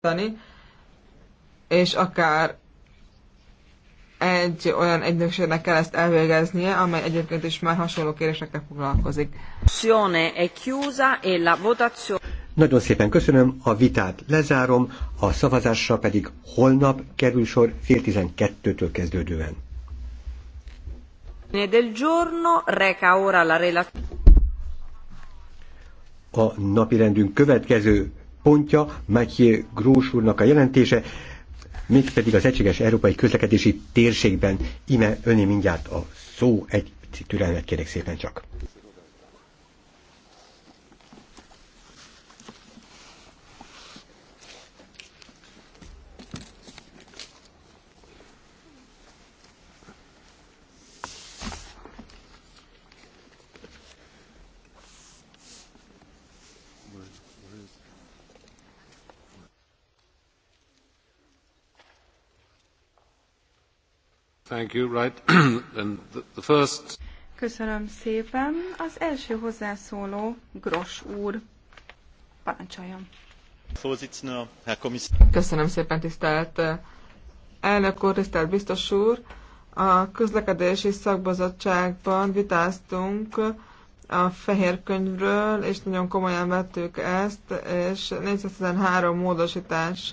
tanítani, és akár egy olyan egynökségnek kell ezt elvégeznie, amely egyébként is már hasonló kérésekkel foglalkozik. E Nagyon szépen köszönöm, a vitát lezárom, a szavazásra pedig holnap kerül sor fél tizenkettőtől kezdődően. Del giorno reca ora la a napirendünk következő pontja Mathieu Grós úrnak a jelentése, pedig az egységes európai közlekedési térségben. Ime öné mindjárt a szó, egy türelmet kérek szépen csak. Köszönöm szépen. Az első hozzászóló Gros úr. Parancsoljon. Köszönöm szépen, tisztelt eh, elnök úr, tisztelt biztos úr. A közlekedési szakbizottságban vitáztunk a fehér könyvről, és nagyon komolyan vettük ezt, és 413 módosítás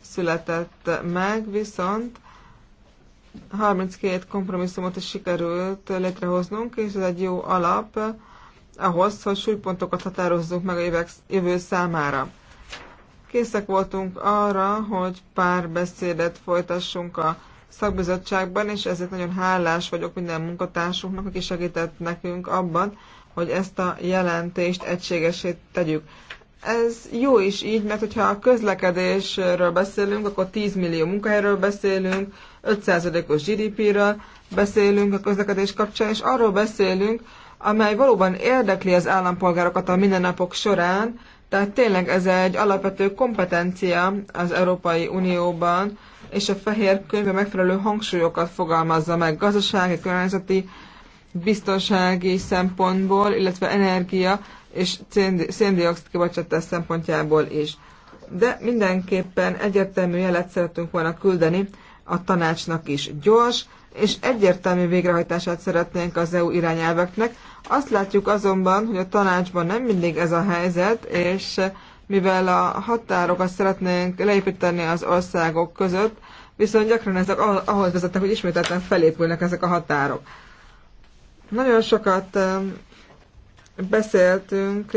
született meg, viszont 32 kompromisszumot is sikerült létrehoznunk, és ez egy jó alap ahhoz, hogy súlypontokat határozzunk meg a évek, jövő számára. Készek voltunk arra, hogy pár beszédet folytassunk a szakbizottságban, és ezért nagyon hálás vagyok minden munkatársunknak, aki segített nekünk abban, hogy ezt a jelentést egységesé tegyük. Ez jó is így, mert hogyha a közlekedésről beszélünk, akkor 10 millió munkahelyről beszélünk, 5%-os GDP-ről beszélünk a közlekedés kapcsán, és arról beszélünk, amely valóban érdekli az állampolgárokat a mindennapok során, tehát tényleg ez egy alapvető kompetencia az Európai Unióban, és a fehér könyve megfelelő hangsúlyokat fogalmazza meg gazdasági, környezeti, biztonsági szempontból, illetve energia és széndiokszid kibocsátás szempontjából is. De mindenképpen egyértelmű jelet szeretünk volna küldeni a tanácsnak is gyors, és egyértelmű végrehajtását szeretnénk az EU irányelveknek. Azt látjuk azonban, hogy a tanácsban nem mindig ez a helyzet, és mivel a határokat szeretnénk leépíteni az országok között, viszont gyakran ezek ahhoz vezetnek, hogy ismételten felépülnek ezek a határok. Nagyon sokat beszéltünk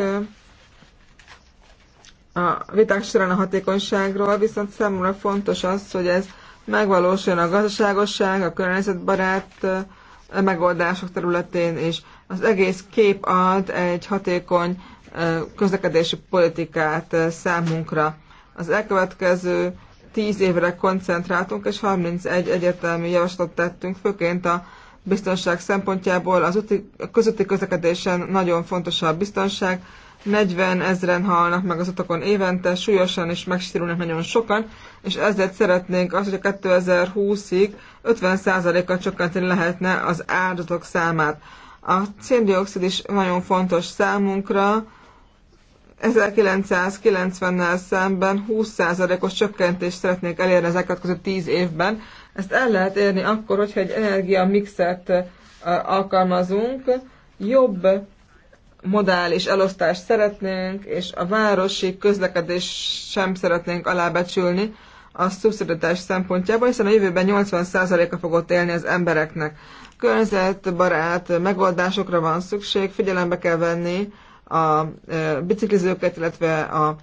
a viták során a hatékonyságról, viszont számomra fontos az, hogy ez megvalósuljon a gazdaságosság, a környezetbarát megoldások területén és Az egész kép ad egy hatékony közlekedési politikát számunkra. Az elkövetkező tíz évre koncentráltunk, és 31 egyetemi javaslatot tettünk, főként a biztonság szempontjából az uti a közötti közlekedésen nagyon fontos a biztonság, 40 ezeren halnak meg az utakon évente, súlyosan is megsérülnek nagyon sokan, és ezért szeretnénk azt, hogy a 2020-ig 50%-kal csökkenteni lehetne az áldozatok számát. A széndiokszid is nagyon fontos számunkra, 1990-nel szemben 20%-os csökkentést szeretnék elérni az elkövetkező 10 évben. Ezt el lehet érni akkor, hogyha egy energiamixet alkalmazunk, jobb modális elosztást szeretnénk, és a városi közlekedés sem szeretnénk alábecsülni a szubszidatás szempontjából, hiszen a jövőben 80%-a fogott élni az embereknek. Környezetbarát megoldásokra van szükség, figyelembe kell venni a biciklizőket, illetve a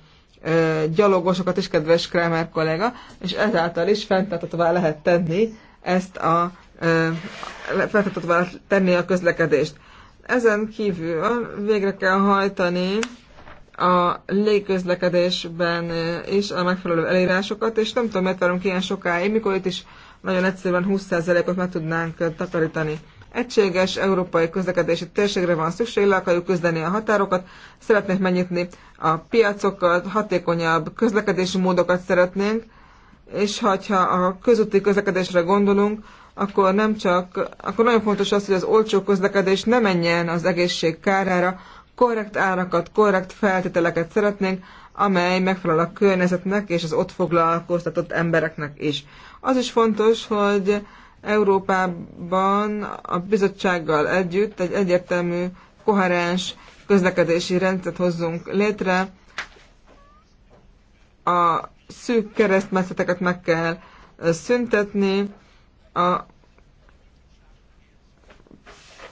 gyalogosokat is, kedves Kramer kolléga, és ezáltal is fenntartatóvá lehet tenni ezt a fenntartatóvá tenni a közlekedést. Ezen kívül végre kell hajtani a légközlekedésben is a megfelelő elírásokat, és nem tudom, mert várunk ilyen sokáig, mikor itt is nagyon egyszerűen 20%-ot meg tudnánk takarítani. Egységes európai közlekedési térségre van szükség, le akarjuk küzdeni a határokat, szeretnénk megnyitni a piacokat, hatékonyabb közlekedési módokat szeretnénk, és ha a közúti közlekedésre gondolunk, akkor nem csak, akkor nagyon fontos az, hogy az olcsó közlekedés ne menjen az egészség kárára, korrekt árakat, korrekt feltételeket szeretnénk, amely megfelel a környezetnek és az ott foglalkoztatott embereknek is. Az is fontos, hogy Európában a bizottsággal együtt egy egyértelmű, koherens közlekedési rendszert hozzunk létre. A szűk keresztmetszeteket meg kell szüntetni, a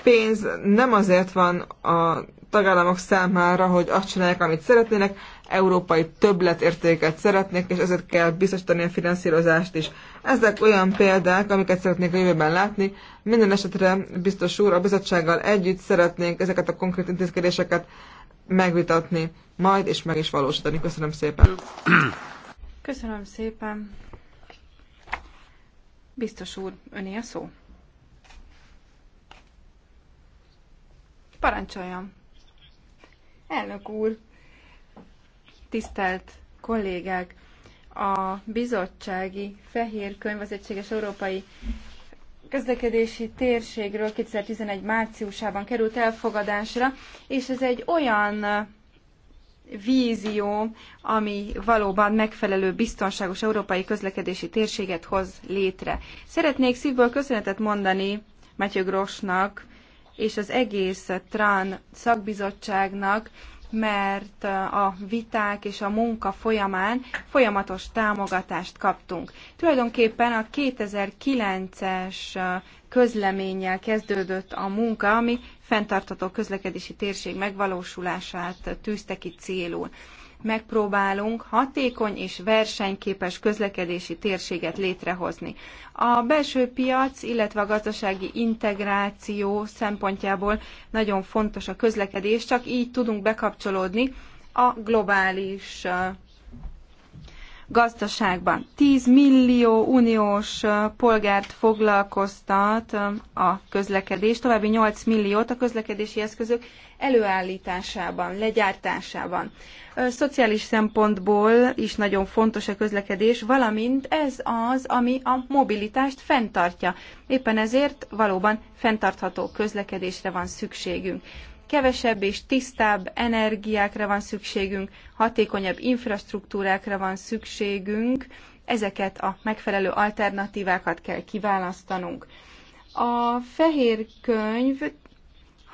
pénz nem azért van a tagállamok számára, hogy azt csinálják, amit szeretnének, európai többletértéket szeretnék, és ezért kell biztosítani a finanszírozást is. Ezek olyan példák, amiket szeretnék a jövőben látni. Minden esetre, biztos úr, a bizottsággal együtt szeretnénk ezeket a konkrét intézkedéseket megvitatni majd, és meg is valósítani. Köszönöm szépen! Köszönöm szépen! Biztos úr, öné a szó. Parancsoljam. Elnök úr, tisztelt kollégák, a bizottsági fehér könyv az egységes európai közlekedési térségről 2011 márciusában került elfogadásra, és ez egy olyan vízió, ami valóban megfelelő, biztonságos európai közlekedési térséget hoz létre. Szeretnék szívből köszönetet mondani Matyő Grosnak és az egész TRAN szakbizottságnak, mert a viták és a munka folyamán folyamatos támogatást kaptunk. Tulajdonképpen a 2009-es közleménnyel kezdődött a munka, ami fenntartható közlekedési térség megvalósulását tűzte ki célul. Megpróbálunk hatékony és versenyképes közlekedési térséget létrehozni. A belső piac, illetve a gazdasági integráció szempontjából nagyon fontos a közlekedés, csak így tudunk bekapcsolódni a globális gazdaságban. 10 millió uniós polgárt foglalkoztat a közlekedés, további 8 milliót a közlekedési eszközök előállításában, legyártásában. Szociális szempontból is nagyon fontos a közlekedés, valamint ez az, ami a mobilitást fenntartja. Éppen ezért valóban fenntartható közlekedésre van szükségünk kevesebb és tisztább energiákra van szükségünk, hatékonyabb infrastruktúrákra van szükségünk, ezeket a megfelelő alternatívákat kell kiválasztanunk. A fehér könyv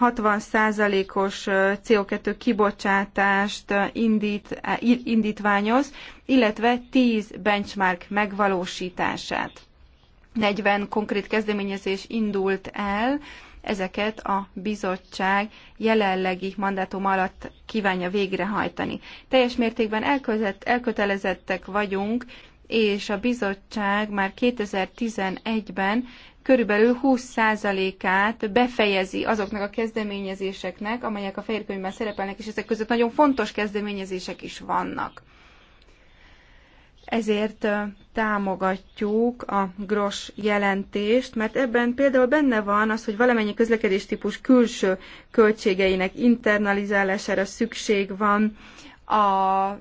60%-os CO2 kibocsátást indít, indítványoz, illetve 10 benchmark megvalósítását. 40 konkrét kezdeményezés indult el, ezeket a bizottság jelenlegi mandátum alatt kívánja végrehajtani. Teljes mértékben elkötelezettek vagyunk, és a bizottság már 2011-ben körülbelül 20%-át befejezi azoknak a kezdeményezéseknek, amelyek a fehérkönyvben szerepelnek, és ezek között nagyon fontos kezdeményezések is vannak ezért támogatjuk a GROS jelentést, mert ebben például benne van az, hogy valamennyi közlekedés típus külső költségeinek internalizálására szükség van, a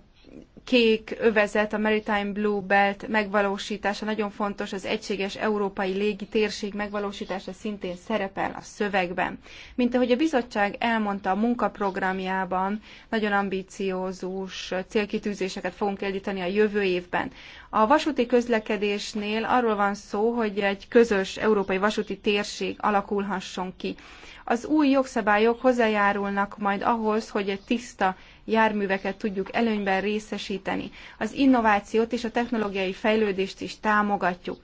kék övezet, a Maritime Blue Belt megvalósítása nagyon fontos, az egységes európai légi térség megvalósítása szintén szerepel a szövegben. Mint ahogy a bizottság elmondta a munkaprogramjában, nagyon ambiciózus célkitűzéseket fogunk elindítani a jövő évben. A vasúti közlekedésnél arról van szó, hogy egy közös európai vasúti térség alakulhasson ki. Az új jogszabályok hozzájárulnak majd ahhoz, hogy egy tiszta járműveket tudjuk előnyben részesíteni. Az innovációt és a technológiai fejlődést is támogatjuk.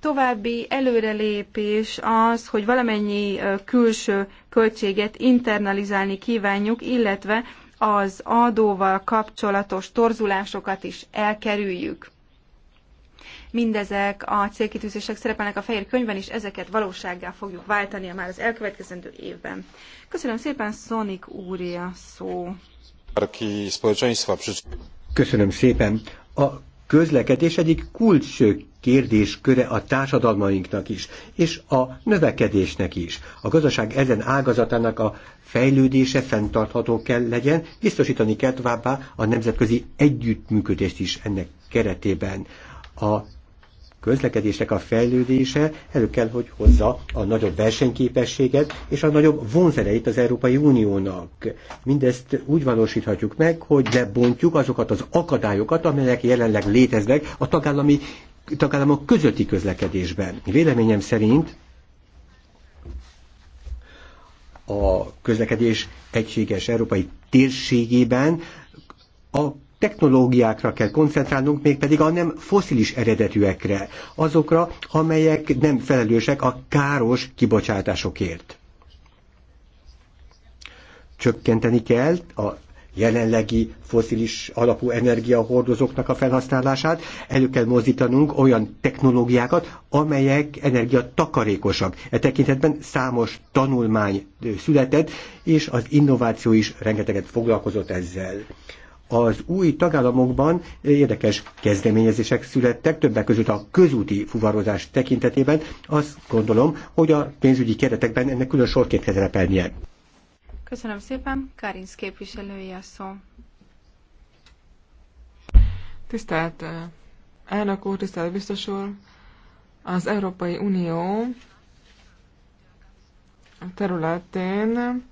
További előrelépés az, hogy valamennyi külső költséget internalizálni kívánjuk, illetve az adóval kapcsolatos torzulásokat is elkerüljük. Mindezek a célkitűzések szerepelnek a fehér könyvben, és ezeket valósággá fogjuk váltani már az elkövetkezendő évben. Köszönöm szépen, Sonic úr, szó. Köszönöm szépen. A közlekedés egyik kulcs kérdésköre a társadalmainknak is, és a növekedésnek is. A gazdaság ezen ágazatának a fejlődése fenntartható kell legyen, biztosítani kell továbbá a nemzetközi együttműködést is ennek keretében. A közlekedésnek a fejlődése elő kell, hogy hozza a nagyobb versenyképességet és a nagyobb vonzereit az Európai Uniónak. Mindezt úgy valósíthatjuk meg, hogy lebontjuk azokat az akadályokat, amelyek jelenleg léteznek a tagállami, tagállamok közötti közlekedésben. Véleményem szerint a közlekedés egységes európai térségében a technológiákra kell koncentrálnunk, mégpedig a nem foszilis eredetűekre, azokra, amelyek nem felelősek a káros kibocsátásokért. Csökkenteni kell a jelenlegi foszilis alapú energiahordozóknak a felhasználását, elő kell mozdítanunk olyan technológiákat, amelyek energiatakarékosak. E tekintetben számos tanulmány született, és az innováció is rengeteget foglalkozott ezzel az új tagállamokban érdekes kezdeményezések születtek, többek között a közúti fuvarozás tekintetében. Azt gondolom, hogy a pénzügyi keretekben ennek külön sorként kell szerepelnie. Köszönöm szépen. Karinsz képviselője a szó. Tisztelt elnök úr, tisztelt biztos úr, az Európai Unió területén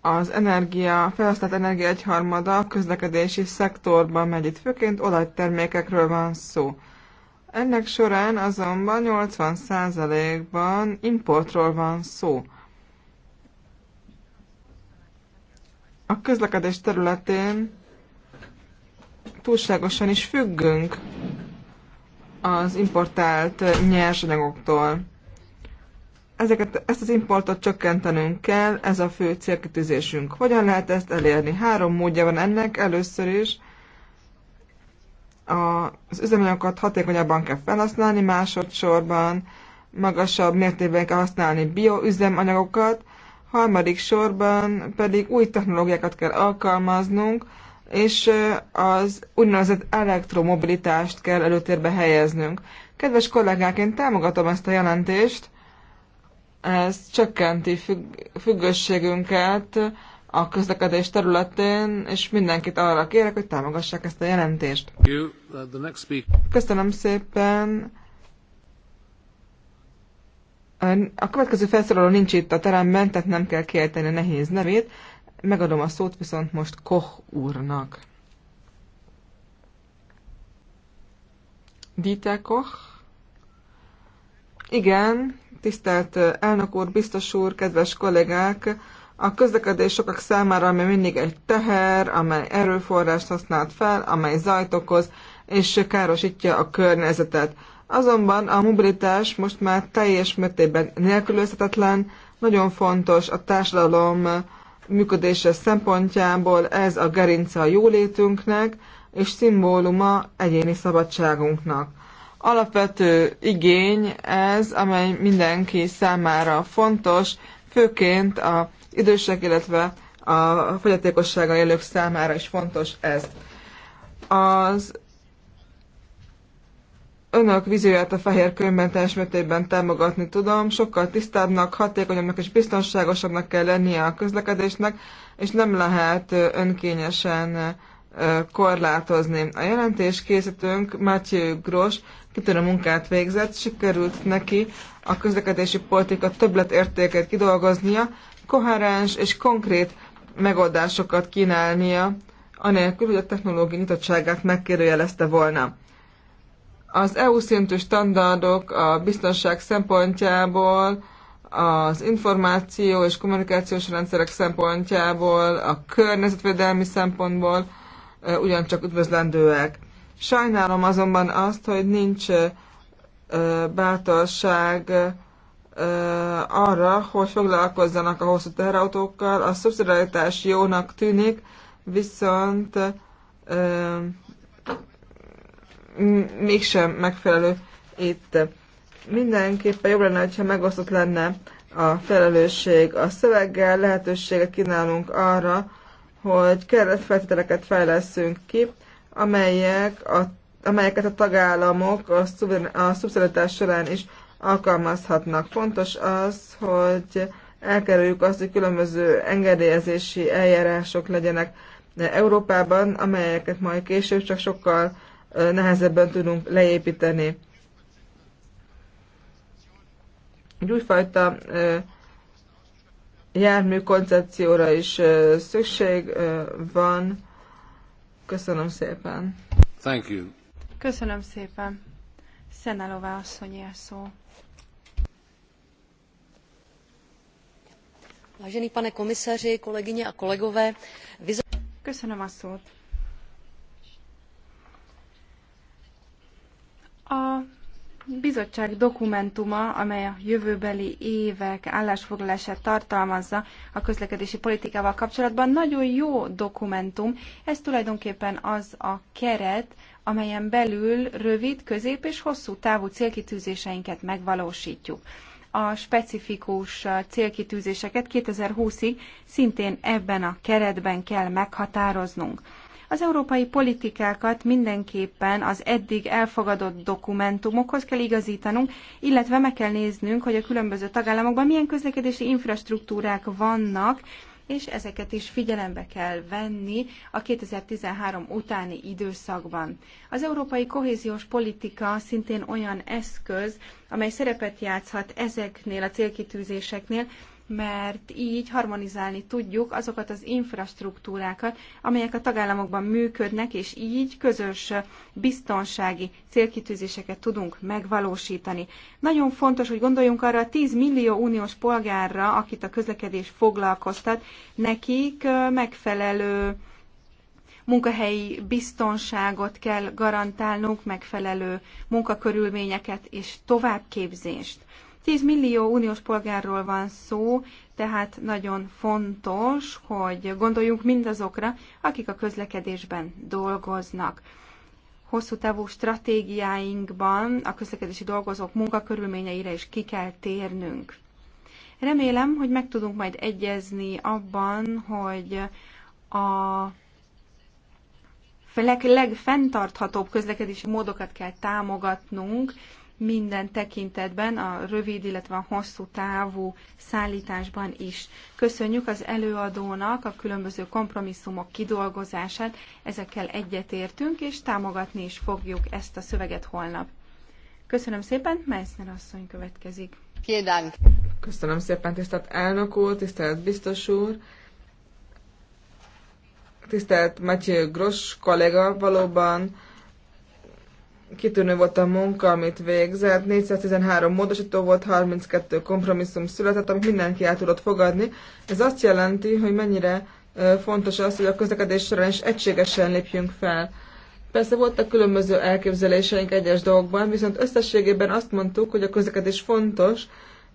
az energia, felhasznált energia egyharmada közlekedési szektorban megy itt, főként olajtermékekről van szó. Ennek során azonban 80%-ban importról van szó. A közlekedés területén túlságosan is függünk az importált nyersanyagoktól ezeket, ezt az importot csökkentenünk kell, ez a fő célkitűzésünk. Hogyan lehet ezt elérni? Három módja van ennek. Először is az üzemanyagokat hatékonyabban kell felhasználni, másodszorban magasabb mértékben kell használni bioüzemanyagokat, harmadik sorban pedig új technológiákat kell alkalmaznunk, és az úgynevezett elektromobilitást kell előtérbe helyeznünk. Kedves kollégák, én támogatom ezt a jelentést, ez csökkenti függ, függőségünket a közlekedés területén, és mindenkit arra kérek, hogy támogassák ezt a jelentést. Uh, Köszönöm szépen. A következő felszólaló nincs itt a teremben, tehát nem kell kiejteni nehéz nevét. Megadom a szót viszont most Koch úrnak. Dieter Koch? Igen, Tisztelt elnök úr, biztos úr, kedves kollégák! A közlekedés sokak számára, ami mindig egy teher, amely erőforrást használt fel, amely zajt okoz, és károsítja a környezetet. Azonban a mobilitás most már teljes mértékben nélkülözhetetlen, nagyon fontos a társadalom működése szempontjából ez a gerince a jólétünknek, és szimbóluma egyéni szabadságunknak. Alapvető igény ez, amely mindenki számára fontos, főként a idősek, illetve a fogyatékossága élők számára is fontos ez. Az önök vízióját a fehér könyvben teljes mértékben támogatni tudom. Sokkal tisztábbnak, hatékonyabbnak és biztonságosabbnak kell lennie a közlekedésnek, és nem lehet önkényesen korlátozni. A jelentés készítőnk Mathieu Gros kitűnő munkát végzett, sikerült neki a közlekedési politika többletértékét kidolgoznia, koherens és konkrét megoldásokat kínálnia, anélkül, hogy a technológiai nyitottságát megkérdőjelezte volna. Az EU szintű standardok a biztonság szempontjából, az információ és kommunikációs rendszerek szempontjából, a környezetvédelmi szempontból, ugyancsak üdvözlendőek. Sajnálom azonban azt, hogy nincs bátorság arra, hogy foglalkozzanak a hosszú teherautókkal. A szubszidiaritás jónak tűnik, viszont mégsem megfelelő itt. Mindenképpen jobb lenne, ha megosztott lenne a felelősség. A szöveggel lehetőséget kínálunk arra, hogy keretfeltételeket fejleszünk ki, amelyek a, amelyeket a tagállamok a, szuver, a szubszidatás során is alkalmazhatnak. Fontos az, hogy elkerüljük azt, hogy különböző engedélyezési eljárások legyenek Európában, amelyeket majd később csak sokkal nehezebben tudunk leépíteni. Egy újfajta jármű koncepcióra is szükség van. Köszönöm szépen. Thank you. Köszönöm szépen. Szenelová asszony szó. Vážený pane komisaři, kolegyně a kolegové, viz... Köszönöm a szót. A bizottság dokumentuma, amely a jövőbeli évek állásfoglalását tartalmazza a közlekedési politikával kapcsolatban, nagyon jó dokumentum. Ez tulajdonképpen az a keret, amelyen belül rövid, közép és hosszú távú célkitűzéseinket megvalósítjuk. A specifikus célkitűzéseket 2020-ig szintén ebben a keretben kell meghatároznunk. Az európai politikákat mindenképpen az eddig elfogadott dokumentumokhoz kell igazítanunk, illetve meg kell néznünk, hogy a különböző tagállamokban milyen közlekedési infrastruktúrák vannak, és ezeket is figyelembe kell venni a 2013 utáni időszakban. Az európai kohéziós politika szintén olyan eszköz, amely szerepet játszhat ezeknél a célkitűzéseknél, mert így harmonizálni tudjuk azokat az infrastruktúrákat, amelyek a tagállamokban működnek, és így közös biztonsági célkitűzéseket tudunk megvalósítani. Nagyon fontos, hogy gondoljunk arra a 10 millió uniós polgárra, akit a közlekedés foglalkoztat, nekik megfelelő munkahelyi biztonságot kell garantálnunk, megfelelő munkakörülményeket és továbbképzést. 10 millió uniós polgárról van szó, tehát nagyon fontos, hogy gondoljunk mindazokra, akik a közlekedésben dolgoznak. Hosszú távú stratégiáinkban a közlekedési dolgozók munkakörülményeire is ki kell térnünk. Remélem, hogy meg tudunk majd egyezni abban, hogy a leg, legfenntarthatóbb közlekedési módokat kell támogatnunk, minden tekintetben, a rövid, illetve a hosszú távú szállításban is. Köszönjük az előadónak a különböző kompromisszumok kidolgozását, ezekkel egyetértünk, és támogatni is fogjuk ezt a szöveget holnap. Köszönöm szépen, Meissner asszony következik. Vielen Köszönöm szépen, tisztelt elnök úr, tisztelt biztos úr, tisztelt Matyő Gross kollega, valóban kitűnő volt a munka, amit végzett. 413 módosító volt, 32 kompromisszum született, amit mindenki el tudott fogadni. Ez azt jelenti, hogy mennyire fontos az, hogy a közlekedés során is egységesen lépjünk fel. Persze voltak különböző elképzeléseink egyes dolgokban, viszont összességében azt mondtuk, hogy a közlekedés fontos,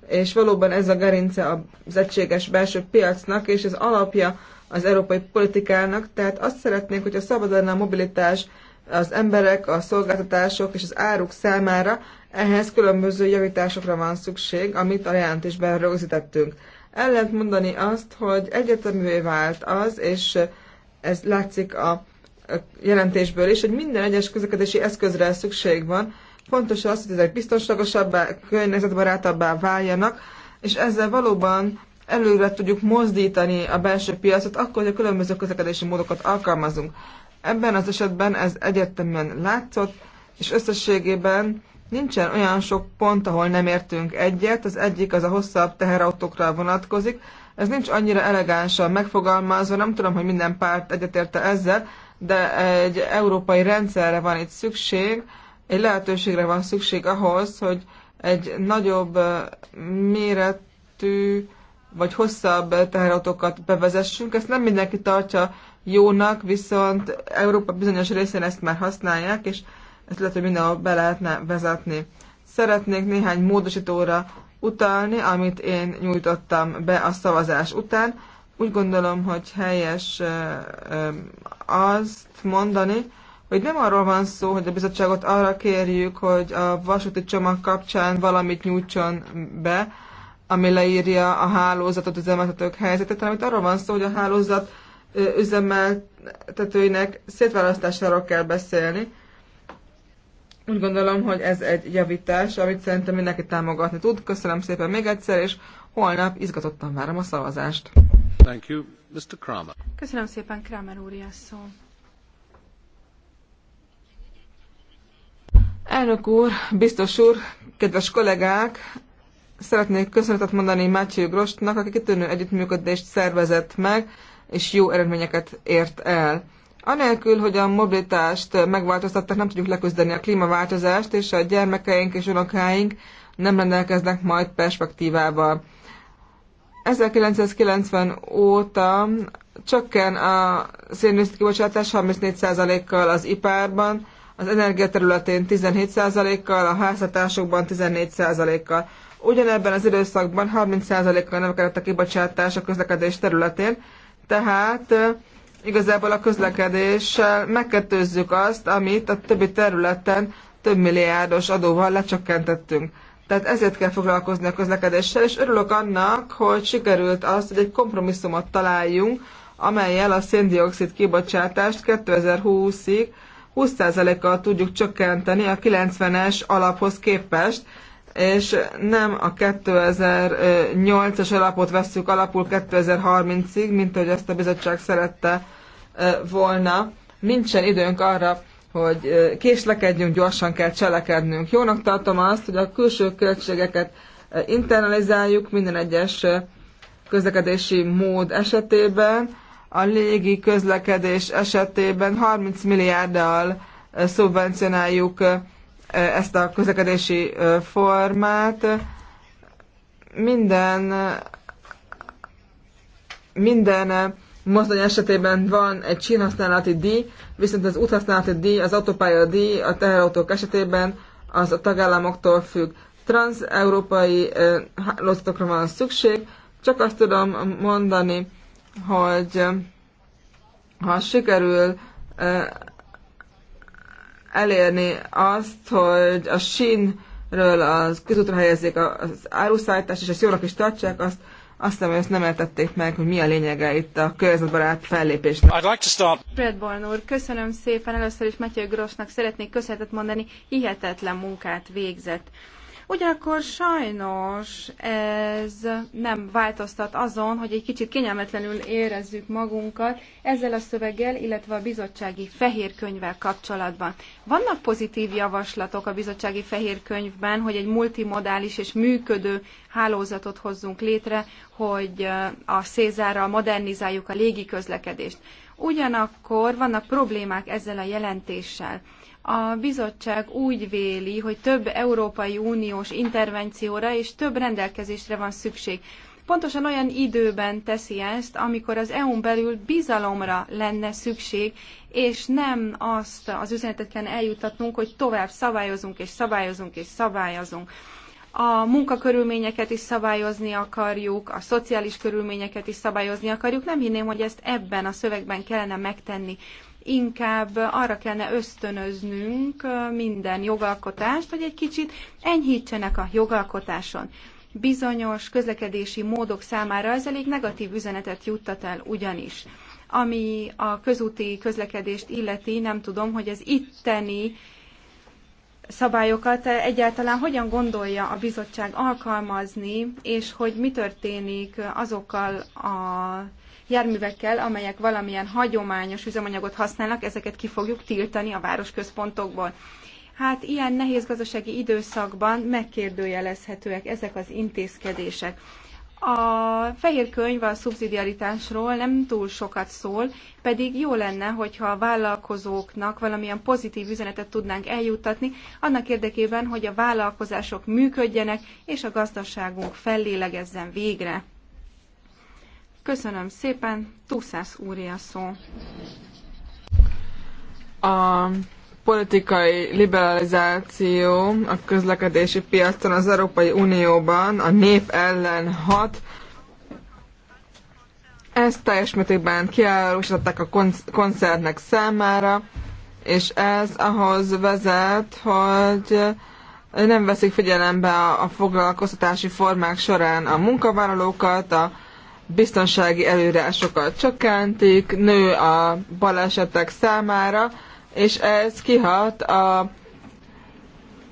és valóban ez a gerince az egységes belső piacnak, és ez alapja az európai politikának, tehát azt szeretnénk, hogy a szabad lenne a mobilitás az emberek, a szolgáltatások és az áruk számára, ehhez különböző javításokra van szükség, amit a jelentésben rögzítettünk. El lehet mondani azt, hogy egyeteművé vált az, és ez látszik a jelentésből is, hogy minden egyes közlekedési eszközre szükség van. Fontos az, hogy ezek biztonságosabbá, környezetbarátabbá váljanak, és ezzel valóban előre tudjuk mozdítani a belső piacot, akkor, hogy a különböző közlekedési módokat alkalmazunk. Ebben az esetben ez egyértelműen látszott, és összességében nincsen olyan sok pont, ahol nem értünk egyet. Az egyik az a hosszabb teherautókra vonatkozik. Ez nincs annyira elegánsan megfogalmazva, nem tudom, hogy minden párt egyetérte ezzel, de egy európai rendszerre van itt szükség, egy lehetőségre van szükség ahhoz, hogy egy nagyobb méretű vagy hosszabb teherautókat bevezessünk. Ezt nem mindenki tartja jónak, viszont Európa bizonyos részén ezt már használják, és ezt lehet, hogy mindenhol be lehetne vezetni. Szeretnék néhány módosítóra utalni, amit én nyújtottam be a szavazás után. Úgy gondolom, hogy helyes azt mondani, hogy nem arról van szó, hogy a bizottságot arra kérjük, hogy a vasúti csomag kapcsán valamit nyújtson be, ami leírja a hálózatot, üzemeltetők helyzetét, hanem itt arról van szó, hogy a hálózat üzemeltetőinek szétválasztásáról kell beszélni. Úgy gondolom, hogy ez egy javítás, amit szerintem mindenki támogatni tud. Köszönöm szépen még egyszer, és holnap izgatottan várom a szavazást. Thank you. Mr. Kramer. Köszönöm szépen, Kramer úr, szó. Elnök úr, biztos úr, kedves kollégák! Szeretnék köszönetet mondani Mátyő Grostnak, aki kitűnő együttműködést szervezett meg, és jó eredményeket ért el. Anélkül, hogy a mobilitást megváltoztatták, nem tudjuk leküzdeni a klímaváltozást, és a gyermekeink és unokáink nem rendelkeznek majd perspektívával. 1990 óta csökken a széndiokszid kibocsátás 34%-kal az ipárban, az energiaterületén 17%-kal, a háztartásokban 14%-kal. Ugyanebben az időszakban 30%-kal növekedett a kibocsátás a közlekedés területén, tehát igazából a közlekedéssel megkettőzzük azt, amit a többi területen több milliárdos adóval lecsökkentettünk. Tehát ezért kell foglalkozni a közlekedéssel, és örülök annak, hogy sikerült azt, hogy egy kompromisszumot találjunk, amelyel a széndiokszid kibocsátást 2020-ig 20%-kal tudjuk csökkenteni a 90-es alaphoz képest, és nem a 2008-as alapot vesszük alapul 2030-ig, mint ahogy ezt a bizottság szerette volna. Nincsen időnk arra, hogy késlekedjünk, gyorsan kell cselekednünk. Jónak tartom azt, hogy a külső költségeket internalizáljuk minden egyes közlekedési mód esetében. A légi közlekedés esetében 30 milliárddal szubvencionáljuk ezt a közlekedési formát. Minden, minden mozdony esetében van egy csinhasználati díj, viszont az úthasználati díj, az autópálya díj a teherautók esetében az a tagállamoktól függ. Transeurópai hálózatokra van szükség, csak azt tudom mondani, hogy ha sikerül elérni azt, hogy a sínről az közútra helyezzék az áruszállítást, és ezt jónak is tartsák, azt azt hiszem, hogy ezt nem értették meg, hogy mi a lényege itt a környezetbarát fellépésnek. I'd like to start. Bradborn úr, köszönöm szépen. Először is Matthew Grossnak szeretnék köszönetet mondani. Hihetetlen munkát végzett. Ugyanakkor sajnos ez nem változtat azon, hogy egy kicsit kényelmetlenül érezzük magunkat ezzel a szöveggel, illetve a bizottsági fehér könyvvel kapcsolatban. Vannak pozitív javaslatok a bizottsági fehér könyvben, hogy egy multimodális és működő hálózatot hozzunk létre, hogy a Szézárral modernizáljuk a légiközlekedést. Ugyanakkor vannak problémák ezzel a jelentéssel. A bizottság úgy véli, hogy több Európai Uniós intervencióra és több rendelkezésre van szükség. Pontosan olyan időben teszi ezt, amikor az EU-n belül bizalomra lenne szükség, és nem azt az üzenetet kell eljutatnunk, hogy tovább szabályozunk és szabályozunk és szabályozunk a munkakörülményeket is szabályozni akarjuk, a szociális körülményeket is szabályozni akarjuk. Nem hinném, hogy ezt ebben a szövegben kellene megtenni inkább arra kellene ösztönöznünk minden jogalkotást, hogy egy kicsit enyhítsenek a jogalkotáson. Bizonyos közlekedési módok számára ez elég negatív üzenetet juttat el ugyanis. Ami a közúti közlekedést illeti, nem tudom, hogy az itteni szabályokat egyáltalán hogyan gondolja a bizottság alkalmazni, és hogy mi történik azokkal a járművekkel, amelyek valamilyen hagyományos üzemanyagot használnak, ezeket ki fogjuk tiltani a városközpontokból. Hát ilyen nehéz gazdasági időszakban megkérdőjelezhetőek ezek az intézkedések. A fehér könyv a szubszidiaritásról nem túl sokat szól, pedig jó lenne, hogyha a vállalkozóknak valamilyen pozitív üzenetet tudnánk eljuttatni, annak érdekében, hogy a vállalkozások működjenek, és a gazdaságunk fellélegezzen végre. Köszönöm szépen, Tuszász úri a szó. A politikai liberalizáció a közlekedési piacon az Európai Unióban a nép ellen hat. Ezt teljes mértékben kiárusították a konc- koncernek számára, és ez ahhoz vezet, hogy nem veszik figyelembe a, a foglalkoztatási formák során a munkavállalókat, a biztonsági előírásokat csökkentik, nő a balesetek számára, és ez kihat a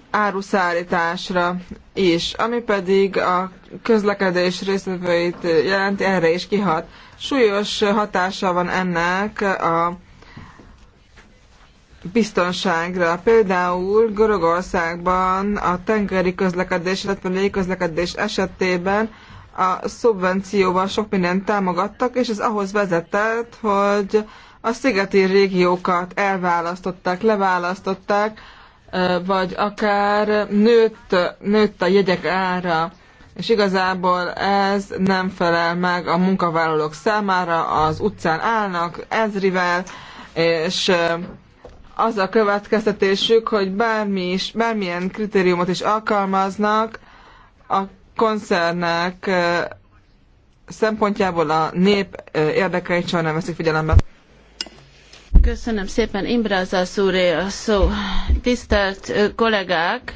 áruszállításra is, ami pedig a közlekedés részvevőit jelenti, erre is kihat. Súlyos hatása van ennek a biztonságra. Például Görögországban a tengeri közlekedés, illetve légközlekedés esetében a szubvencióval sok mindent támogattak, és ez ahhoz vezetett, hogy a szigeti régiókat elválasztották, leválasztották, vagy akár nőtt, nőtt a jegyek ára, és igazából ez nem felel meg a munkavállalók számára, az utcán állnak ezrivel, és az a következtetésük, hogy bármi is, bármilyen kritériumot is alkalmaznak, a koncernek szempontjából a nép érdekeit soha nem veszik figyelembe. Köszönöm szépen, Imre Zaszúré a szó. Tisztelt kollégák,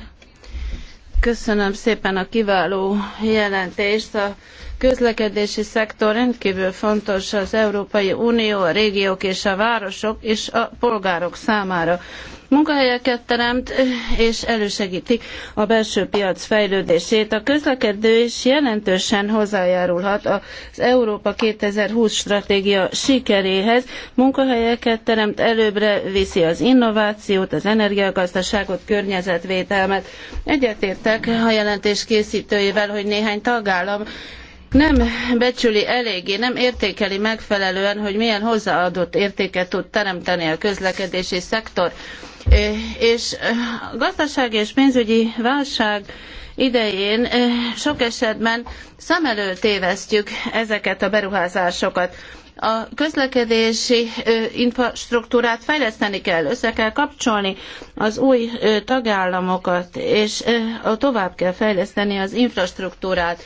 köszönöm szépen a kiváló jelentést. A közlekedési szektor rendkívül fontos az Európai Unió, a régiók és a városok és a polgárok számára munkahelyeket teremt, és elősegíti a belső piac fejlődését. A közlekedés jelentősen hozzájárulhat az Európa 2020 stratégia sikeréhez, munkahelyeket teremt, előbbre viszi az innovációt, az energiagazdaságot, környezetvédelmet. Egyetértek a jelentés készítőjével, hogy néhány tagállam nem becsüli eléggé, nem értékeli megfelelően, hogy milyen hozzáadott értéket tud teremteni a közlekedési szektor. E, és e, a gazdasági és pénzügyi válság idején e, sok esetben szem elől tévesztjük ezeket a beruházásokat. A közlekedési infrastruktúrát fejleszteni kell, össze kell kapcsolni az új tagállamokat, és tovább kell fejleszteni az infrastruktúrát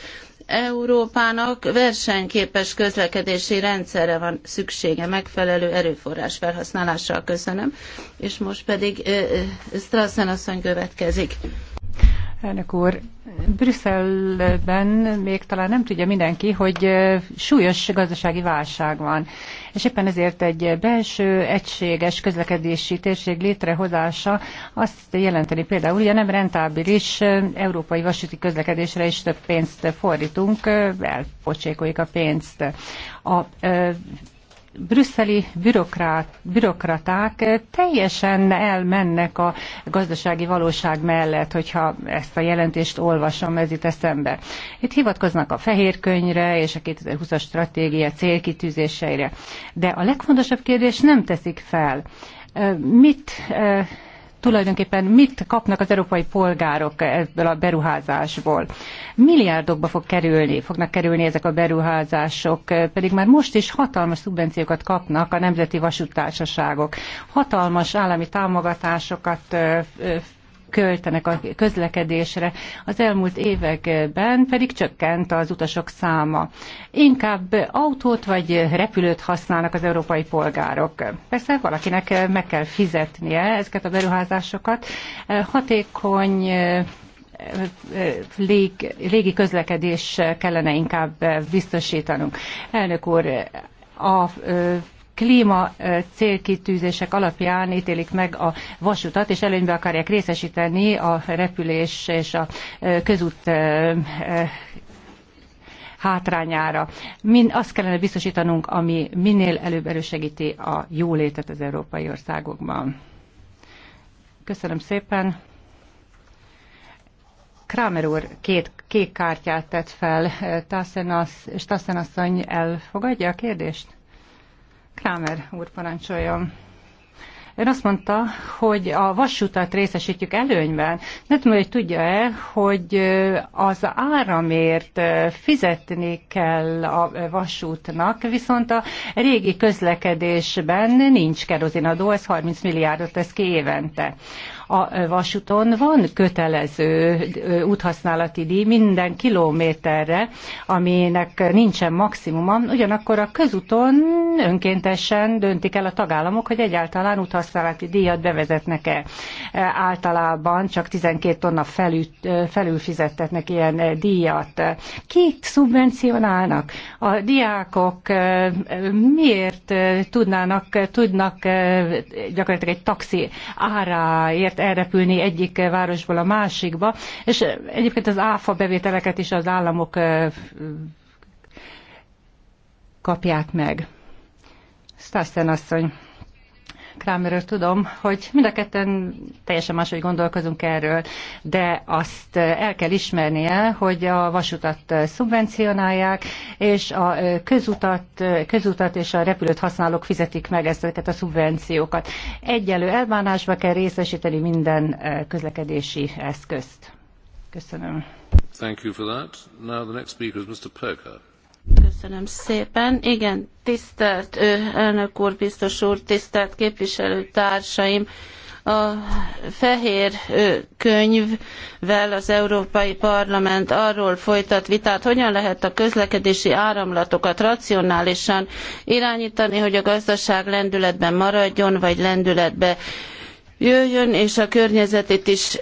Európának versenyképes közlekedési rendszerre van szüksége megfelelő erőforrás felhasználással. Köszönöm. És most pedig Strassen asszony következik. Elnök úr, Brüsszelben még talán nem tudja mindenki, hogy súlyos gazdasági válság van és éppen ezért egy belső, egységes közlekedési térség létrehozása azt jelenteni például, hogy nem rentábilis európai vasúti közlekedésre is több pénzt fordítunk, elpocsékoljuk a pénzt. A brüsszeli bürokrát, bürokraták teljesen elmennek a gazdasági valóság mellett, hogyha ezt a jelentést olvasom, ez itt eszembe. Itt hivatkoznak a fehér könyvre és a 2020-as stratégia célkitűzéseire. De a legfontosabb kérdés nem teszik fel. Mit tulajdonképpen mit kapnak az európai polgárok ebből a beruházásból. Milliárdokba fog kerülni, fognak kerülni ezek a beruházások, pedig már most is hatalmas szubvenciókat kapnak a nemzeti vasútársaságok. Hatalmas állami támogatásokat költenek a közlekedésre. Az elmúlt években pedig csökkent az utasok száma. Inkább autót vagy repülőt használnak az európai polgárok. Persze valakinek meg kell fizetnie ezeket a beruházásokat. Hatékony lég, légi közlekedés kellene inkább biztosítanunk. Elnök úr, a klíma célkitűzések alapján ítélik meg a vasutat, és előnybe akarják részesíteni a repülés és a közút hátrányára. Min, azt kellene biztosítanunk, ami minél előbb elősegíti a jólétet az európai országokban. Köszönöm szépen. Kramer úr két kék kártyát tett fel. Stassen asszony elfogadja a kérdést? Kramer úr parancsoljon. Ön azt mondta, hogy a vasutat részesítjük előnyben. Nem tudom, hogy tudja-e, hogy az áramért fizetni kell a vasútnak, viszont a régi közlekedésben nincs kerozinadó, ez 30 milliárdot tesz ki évente. A vasúton van kötelező úthasználati díj minden kilométerre, aminek nincsen maximuma, ugyanakkor a közúton önkéntesen döntik el a tagállamok, hogy egyáltalán úthasználati díjat bevezetnek-e. E, általában csak 12 tonna felül, felül fizettetnek ilyen díjat. Kit szubvencionálnak? A diákok miért tudnának, tudnak gyakorlatilag egy taxi áráért elrepülni egyik városból a másikba, és egyébként az áfa bevételeket is az államok kapják meg. Stassen asszony. Krámerről tudom, hogy mind a ketten teljesen máshogy gondolkozunk erről, de azt el kell ismernie, hogy a vasutat szubvencionálják, és a közutat, közutat és a repülőt használók fizetik meg ezeket a szubvenciókat. Egyelő elbánásba kell részesíteni minden eh, közlekedési eszközt. Köszönöm. Thank you for that. Now the next speaker is Mr. Perker. Köszönöm szépen. Igen, tisztelt ő, elnök úr, biztos úr, tisztelt képviselőtársaim. A fehér könyvvel az Európai Parlament arról folytat vitát, hogyan lehet a közlekedési áramlatokat racionálisan irányítani, hogy a gazdaság lendületben maradjon, vagy lendületbe jöjjön, és a környezetét is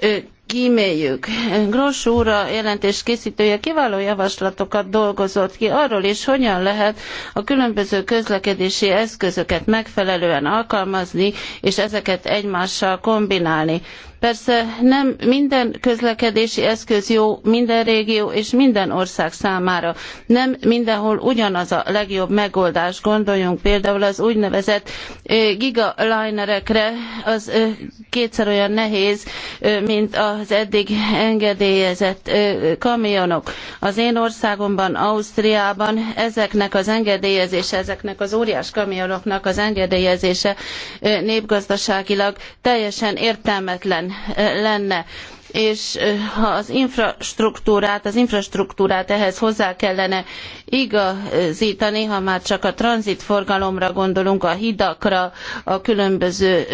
kíméljük. Gross úr a jelentés készítője kiváló javaslatokat dolgozott ki arról is, hogyan lehet a különböző közlekedési eszközöket megfelelően alkalmazni, és ezeket egymással kombinálni Persze nem minden közlekedési eszköz jó minden régió és minden ország számára. Nem mindenhol ugyanaz a legjobb megoldás. Gondoljunk például az úgynevezett gigalinerekre, az kétszer olyan nehéz, mint az eddig engedélyezett kamionok. Az én országomban, Ausztriában ezeknek az engedélyezése, ezeknek az óriás kamionoknak az engedélyezése népgazdaságilag teljesen értelmetlen lenne és ha az infrastruktúrát, az infrastruktúrát ehhez hozzá kellene igazítani, ha már csak a tranzitforgalomra gondolunk, a hidakra, a különböző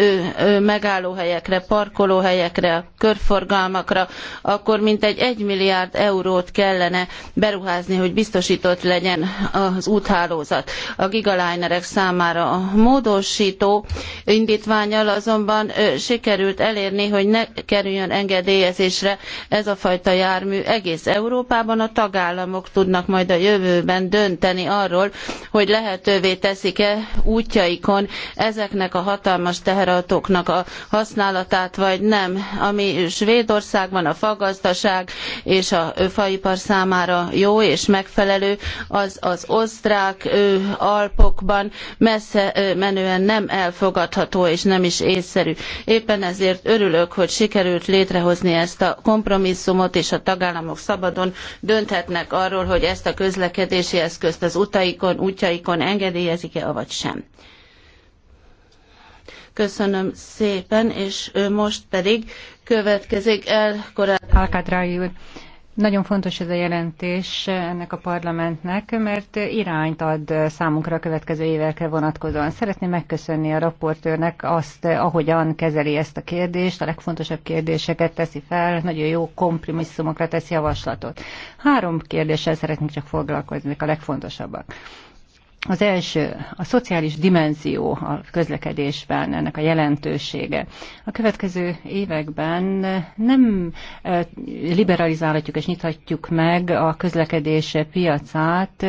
megállóhelyekre, parkolóhelyekre, a körforgalmakra, akkor mintegy egy milliárd eurót kellene beruházni, hogy biztosított legyen az úthálózat a gigalinerek számára. A módosító indítványal azonban sikerült elérni, hogy ne kerüljön engedély kihelyezésre ez a fajta jármű egész Európában. A tagállamok tudnak majd a jövőben dönteni arról, hogy lehetővé teszik-e útjaikon ezeknek a hatalmas teherautóknak a használatát, vagy nem. Ami Svédországban a fagazdaság és a faipar számára jó és megfelelő, az az osztrák Alpokban messze menően nem elfogadható és nem is észszerű. Éppen ezért örülök, hogy sikerült létrehozni ezt a kompromisszumot, és a tagállamok szabadon dönthetnek arról, hogy ezt a közlekedési eszközt az utaikon, útjaikon engedélyezik-e, avagy sem. Köszönöm szépen, és most pedig következik el korábban. Nagyon fontos ez a jelentés ennek a parlamentnek, mert irányt ad számunkra a következő évekre vonatkozóan. Szeretném megköszönni a raportőrnek azt, ahogyan kezeli ezt a kérdést, a legfontosabb kérdéseket teszi fel, nagyon jó kompromisszumokra tesz javaslatot. Három kérdéssel szeretnénk csak foglalkozni, a legfontosabbak. Az első, a szociális dimenzió a közlekedésben, ennek a jelentősége. A következő években nem liberalizálhatjuk és nyithatjuk meg a közlekedés piacát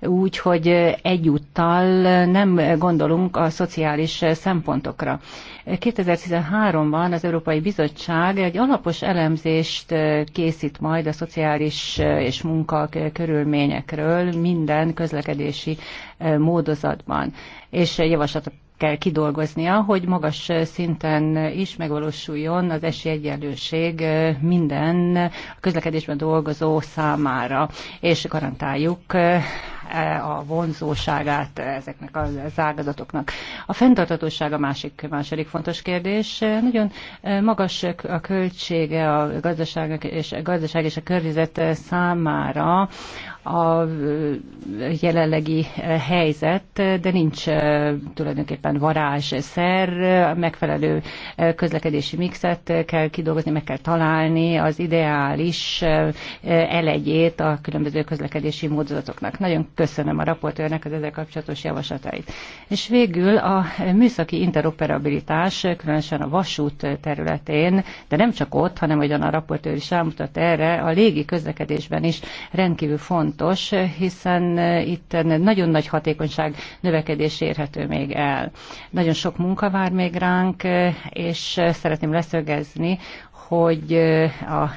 úgy, hogy egyúttal nem gondolunk a szociális szempontokra. 2013-ban az Európai Bizottság egy alapos elemzést készít majd a szociális és munka körülményekről minden közlekedési módozatban, és javaslatot kell kidolgoznia, hogy magas szinten is megvalósuljon az esélyegyenlőség minden a közlekedésben dolgozó számára, és garantáljuk E, a vonzóságát ezeknek az ágazatoknak. A fenntartatóság a másik, második fontos kérdés. Nagyon e, magas a költsége a gazdaságnak és a gazdaság és a környezet számára a e, jelenlegi helyzet, de nincs tulajdonképpen varázsszer, megfelelő közlekedési mixet kell kidolgozni, meg kell találni az ideális elegyét a különböző közlekedési módozatoknak. Nagyon Köszönöm a raportőrnek az ezzel kapcsolatos javaslatait. És végül a műszaki interoperabilitás, különösen a vasút területén, de nem csak ott, hanem ugyan a raportőr is rámutat erre, a légi közlekedésben is rendkívül fontos, hiszen itt nagyon nagy hatékonyság növekedés érhető még el. Nagyon sok munka vár még ránk, és szeretném leszögezni, hogy a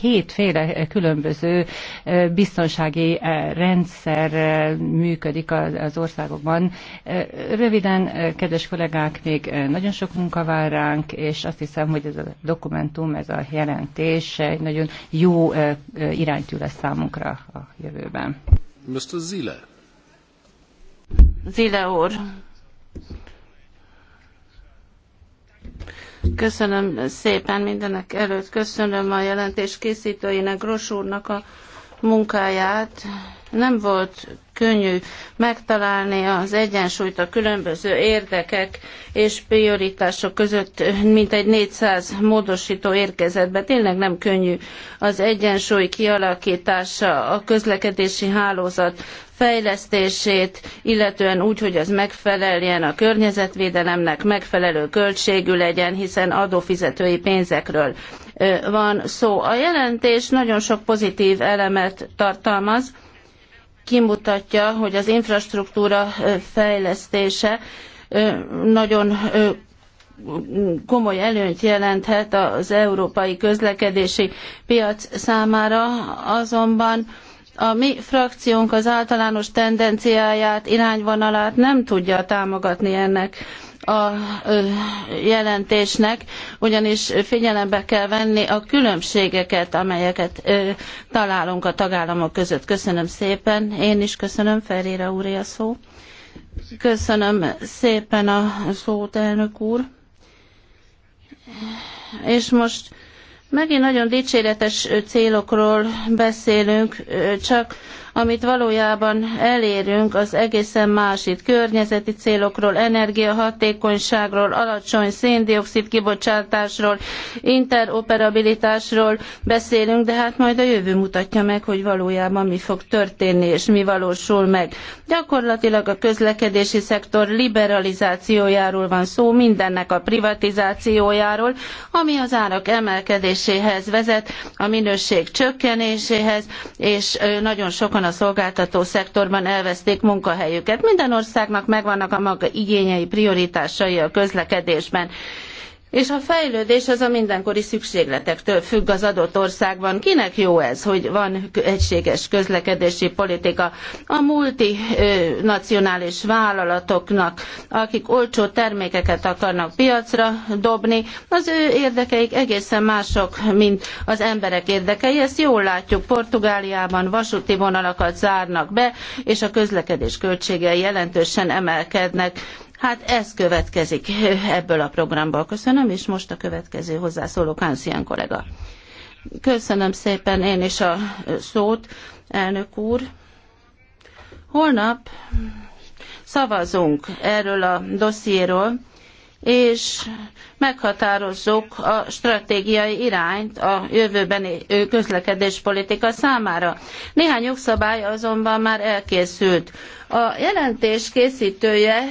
hétféle különböző biztonsági rendszer működik az országokban. Röviden, kedves kollégák, még nagyon sok munka vár ránk, és azt hiszem, hogy ez a dokumentum, ez a jelentés egy nagyon jó iránytű lesz számunkra a jövőben. Mr. Zile. Zile úr. Köszönöm szépen mindenek előtt. Köszönöm a jelentés készítőinek, Gros úrnak a munkáját. Nem volt könnyű megtalálni az egyensúlyt a különböző érdekek és prioritások között, mint egy 400 módosító érkezett be. Tényleg nem könnyű az egyensúly kialakítása, a közlekedési hálózat fejlesztését, illetően úgy, hogy az megfeleljen a környezetvédelemnek, megfelelő költségű legyen, hiszen adófizetői pénzekről van szó. A jelentés nagyon sok pozitív elemet tartalmaz, kimutatja, hogy az infrastruktúra fejlesztése nagyon komoly előnyt jelenthet az európai közlekedési piac számára, azonban a mi frakciónk az általános tendenciáját, irányvonalát nem tudja támogatni ennek a jelentésnek, ugyanis figyelembe kell venni a különbségeket, amelyeket találunk a tagállamok között. Köszönöm szépen, én is köszönöm, Ferére úré a szó. Köszönöm szépen a szót, elnök úr. És most Megint nagyon dicséretes célokról beszélünk, csak amit valójában elérünk, az egészen más itt. Környezeti célokról, energiahatékonyságról, alacsony széndiokszid kibocsátásról, interoperabilitásról beszélünk, de hát majd a jövő mutatja meg, hogy valójában mi fog történni és mi valósul meg. Gyakorlatilag a közlekedési szektor liberalizációjáról van szó, mindennek a privatizációjáról, ami az árak emelkedés csökkenéséhez vezet, a minőség csökkenéséhez, és nagyon sokan a szolgáltató szektorban elveszték munkahelyüket. Minden országnak megvannak a maga igényei, prioritásai a közlekedésben. És a fejlődés az a mindenkori szükségletektől függ az adott országban. Kinek jó ez, hogy van egységes közlekedési politika? A multinacionális vállalatoknak, akik olcsó termékeket akarnak piacra dobni, az ő érdekeik egészen mások, mint az emberek érdekei. Ezt jól látjuk, Portugáliában vasúti vonalakat zárnak be, és a közlekedés költségei jelentősen emelkednek Hát ez következik ebből a programból. Köszönöm, és most a következő hozzászóló Kánszien kollega. Köszönöm szépen én is a szót, elnök úr. Holnap szavazunk erről a dossziéről, és meghatározzuk a stratégiai irányt a jövőbeni közlekedéspolitika számára. Néhány jogszabály azonban már elkészült. A jelentés készítője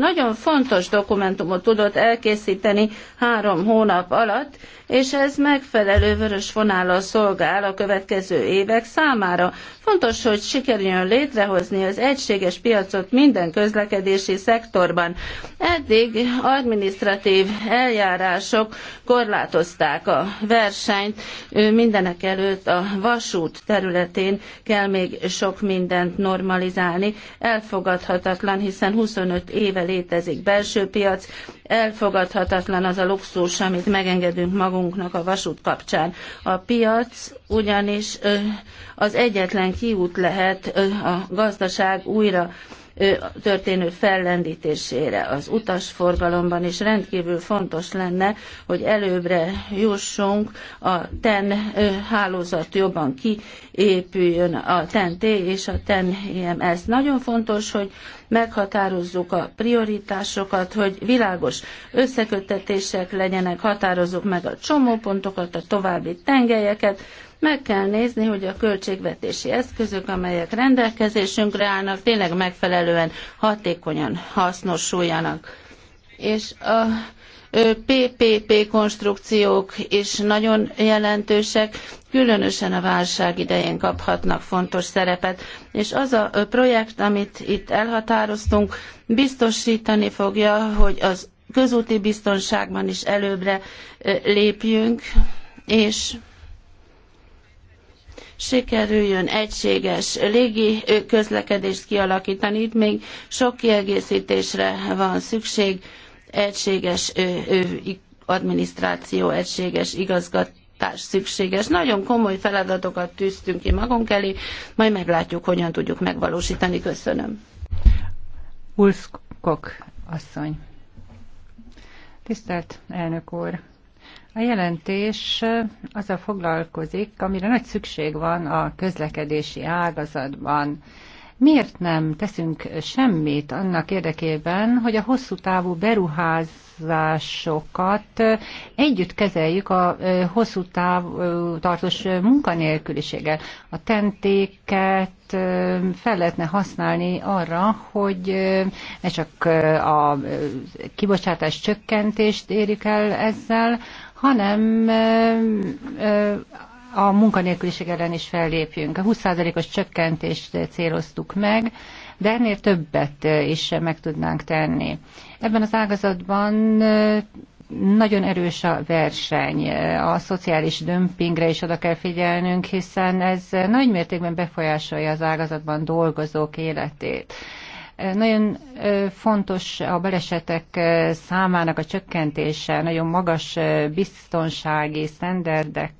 nagyon fontos dokumentumot tudott elkészíteni három hónap alatt, és ez megfelelő vörös vonállal szolgál a következő évek számára. Fontos, hogy sikerüljön létrehozni az egységes piacot minden közlekedési szektorban. Eddig administratív eljárások korlátozták a versenyt, mindenek előtt a vasút területén kell még sok mindent normalizálni. Elfogadhatatlan, hiszen 25 éve létezik belső piac, elfogadhatatlan az a luxus, amit megengedünk magunknak a vasút kapcsán. A piac ugyanis az egyetlen kiút lehet a gazdaság újra történő fellendítésére az utasforgalomban is rendkívül fontos lenne, hogy előbbre jussunk, a TEN hálózat jobban kiépüljön, a TEN-T és a TEN-IMS. Nagyon fontos, hogy meghatározzuk a prioritásokat, hogy világos összeköttetések legyenek, határozzuk meg a csomópontokat, a további tengelyeket, meg kell nézni, hogy a költségvetési eszközök, amelyek rendelkezésünkre állnak, tényleg megfelelően hatékonyan hasznosuljanak. És a PPP konstrukciók is nagyon jelentősek, különösen a válság idején kaphatnak fontos szerepet. És az a projekt, amit itt elhatároztunk, biztosítani fogja, hogy az közúti biztonságban is előbbre lépjünk, és sikerüljön egységes légi közlekedést kialakítani. Itt még sok kiegészítésre van szükség, egységes adminisztráció, egységes igazgatás szükséges. Nagyon komoly feladatokat tűztünk ki magunk elé, majd meglátjuk, hogyan tudjuk megvalósítani. Köszönöm. Ulszkok asszony. Tisztelt elnök úr! A jelentés azzal foglalkozik, amire nagy szükség van a közlekedési ágazatban. Miért nem teszünk semmit annak érdekében, hogy a hosszú távú beruházásokat együtt kezeljük a hosszú távú tartós munkanélküliséggel? A tentéket fel lehetne használni arra, hogy ne csak a kibocsátás csökkentést érjük el ezzel, hanem a munkanélküliség ellen is fellépjünk. A 20%-os csökkentést céloztuk meg, de ennél többet is meg tudnánk tenni. Ebben az ágazatban nagyon erős a verseny, a szociális dömpingre is oda kell figyelnünk, hiszen ez nagy mértékben befolyásolja az ágazatban dolgozók életét. Nagyon fontos a balesetek számának a csökkentése, nagyon magas biztonsági sztenderdek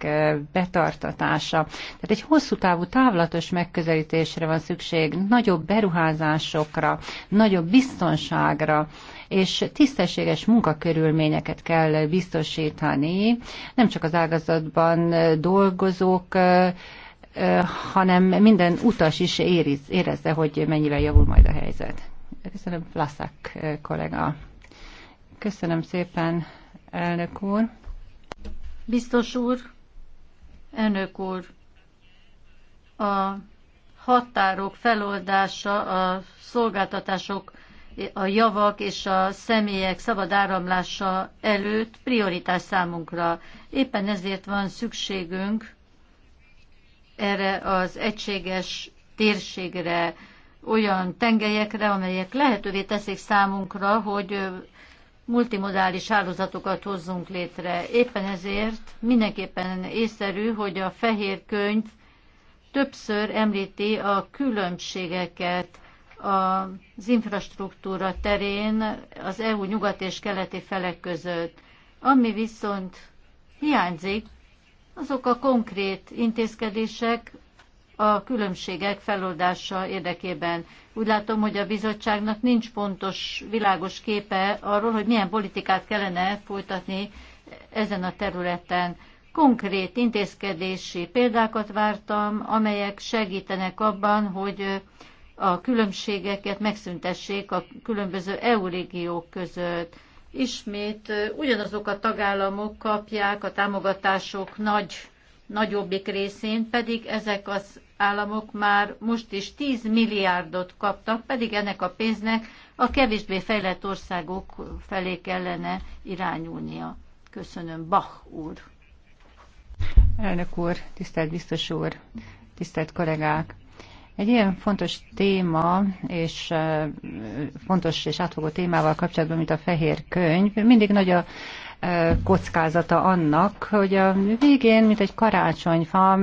betartatása. Tehát egy hosszú távú távlatos megközelítésre van szükség, nagyobb beruházásokra, nagyobb biztonságra, és tisztességes munkakörülményeket kell biztosítani, nem csak az ágazatban dolgozók, hanem minden utas is érez, érezze, hogy mennyivel javul majd a helyzet. Köszönöm, Vlaszák kollega. Köszönöm szépen, elnök úr. Biztos úr, elnök úr, a határok feloldása, a szolgáltatások, a javak és a személyek szabad áramlása előtt prioritás számunkra. Éppen ezért van szükségünk erre az egységes térségre, olyan tengelyekre, amelyek lehetővé teszik számunkra, hogy multimodális hálózatokat hozzunk létre. Éppen ezért mindenképpen észszerű, hogy a fehér könyv többször említi a különbségeket az infrastruktúra terén az EU nyugat és keleti felek között. Ami viszont hiányzik, azok a konkrét intézkedések a különbségek feloldása érdekében. Úgy látom, hogy a bizottságnak nincs pontos, világos képe arról, hogy milyen politikát kellene folytatni ezen a területen. Konkrét intézkedési példákat vártam, amelyek segítenek abban, hogy a különbségeket megszüntessék a különböző EU régiók között ismét ugyanazok a tagállamok kapják a támogatások nagy, nagyobbik részén, pedig ezek az államok már most is 10 milliárdot kaptak, pedig ennek a pénznek a kevésbé fejlett országok felé kellene irányulnia. Köszönöm, Bach úr. Elnök úr, tisztelt biztos úr, tisztelt kollégák! Egy ilyen fontos téma, és fontos és átfogó témával kapcsolatban, mint a fehér könyv, mindig nagy a kockázata annak, hogy a végén, mint egy karácsonyfa,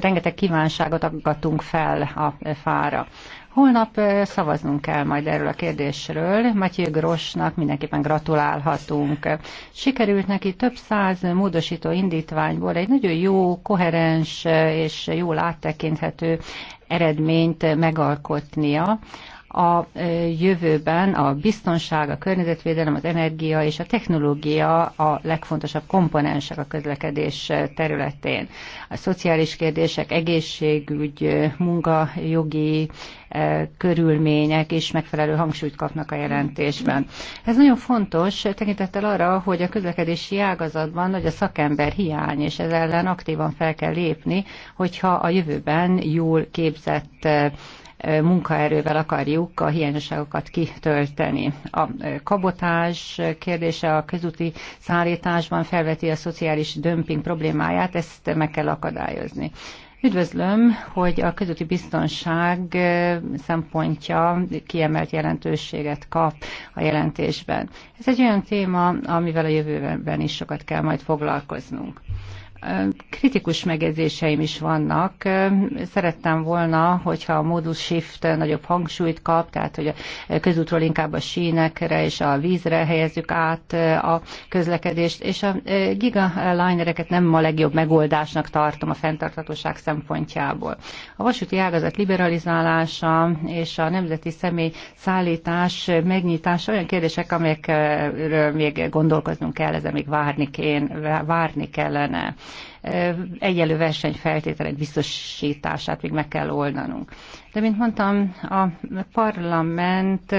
rengeteg kívánságot aggatunk fel a fára. Holnap szavaznunk kell majd erről a kérdésről. Matyő Grosnak mindenképpen gratulálhatunk. Sikerült neki több száz módosító indítványból egy nagyon jó, koherens és jól áttekinthető eredményt megalkotnia, a jövőben a biztonság, a környezetvédelem, az energia és a technológia a legfontosabb komponensek a közlekedés területén. A szociális kérdések, egészségügy, munkajogi körülmények is megfelelő hangsúlyt kapnak a jelentésben. Ez nagyon fontos tekintettel arra, hogy a közlekedési ágazatban nagy a szakember hiány, és ez ellen aktívan fel kell lépni, hogyha a jövőben jól képzett munkaerővel akarjuk a hiányosságokat kitölteni. A kabotás kérdése a közúti szállításban felveti a szociális dömping problémáját, ezt meg kell akadályozni. Üdvözlöm, hogy a közúti biztonság szempontja kiemelt jelentőséget kap a jelentésben. Ez egy olyan téma, amivel a jövőben is sokat kell majd foglalkoznunk kritikus megjegyzéseim is vannak. Szerettem volna, hogyha a modus shift nagyobb hangsúlyt kap, tehát hogy a közútról inkább a sínekre és a vízre helyezzük át a közlekedést, és a gigalinereket nem a legjobb megoldásnak tartom a fenntartatóság szempontjából. A vasúti ágazat liberalizálása és a nemzeti személy szállítás megnyitása olyan kérdések, amelyekről még gondolkoznunk kell, ezen még várni, kéne, várni kellene egyelő versenyfeltételek biztosítását még meg kell oldanunk. De, mint mondtam, a parlament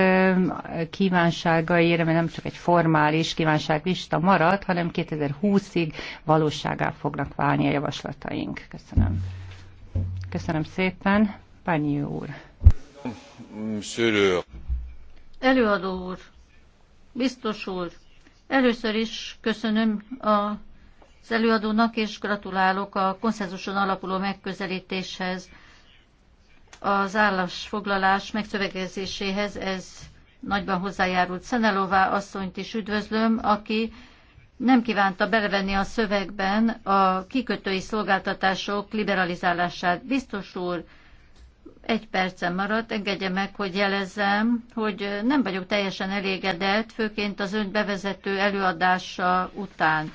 kívánságaira, mert nem csak egy formális kívánságlista marad, hanem 2020-ig valóságá fognak válni a javaslataink. Köszönöm. Köszönöm szépen. Pányi úr. Szülő. Előadó úr, biztos úr, először is köszönöm a az előadónak, és gratulálok a konszenzuson alapuló megközelítéshez, az állásfoglalás megszövegezéséhez. Ez nagyban hozzájárult Szenelová asszonyt is üdvözlöm, aki nem kívánta belevenni a szövegben a kikötői szolgáltatások liberalizálását. Biztos úr, egy percem maradt, engedje meg, hogy jelezzem, hogy nem vagyok teljesen elégedett, főként az ön bevezető előadása után.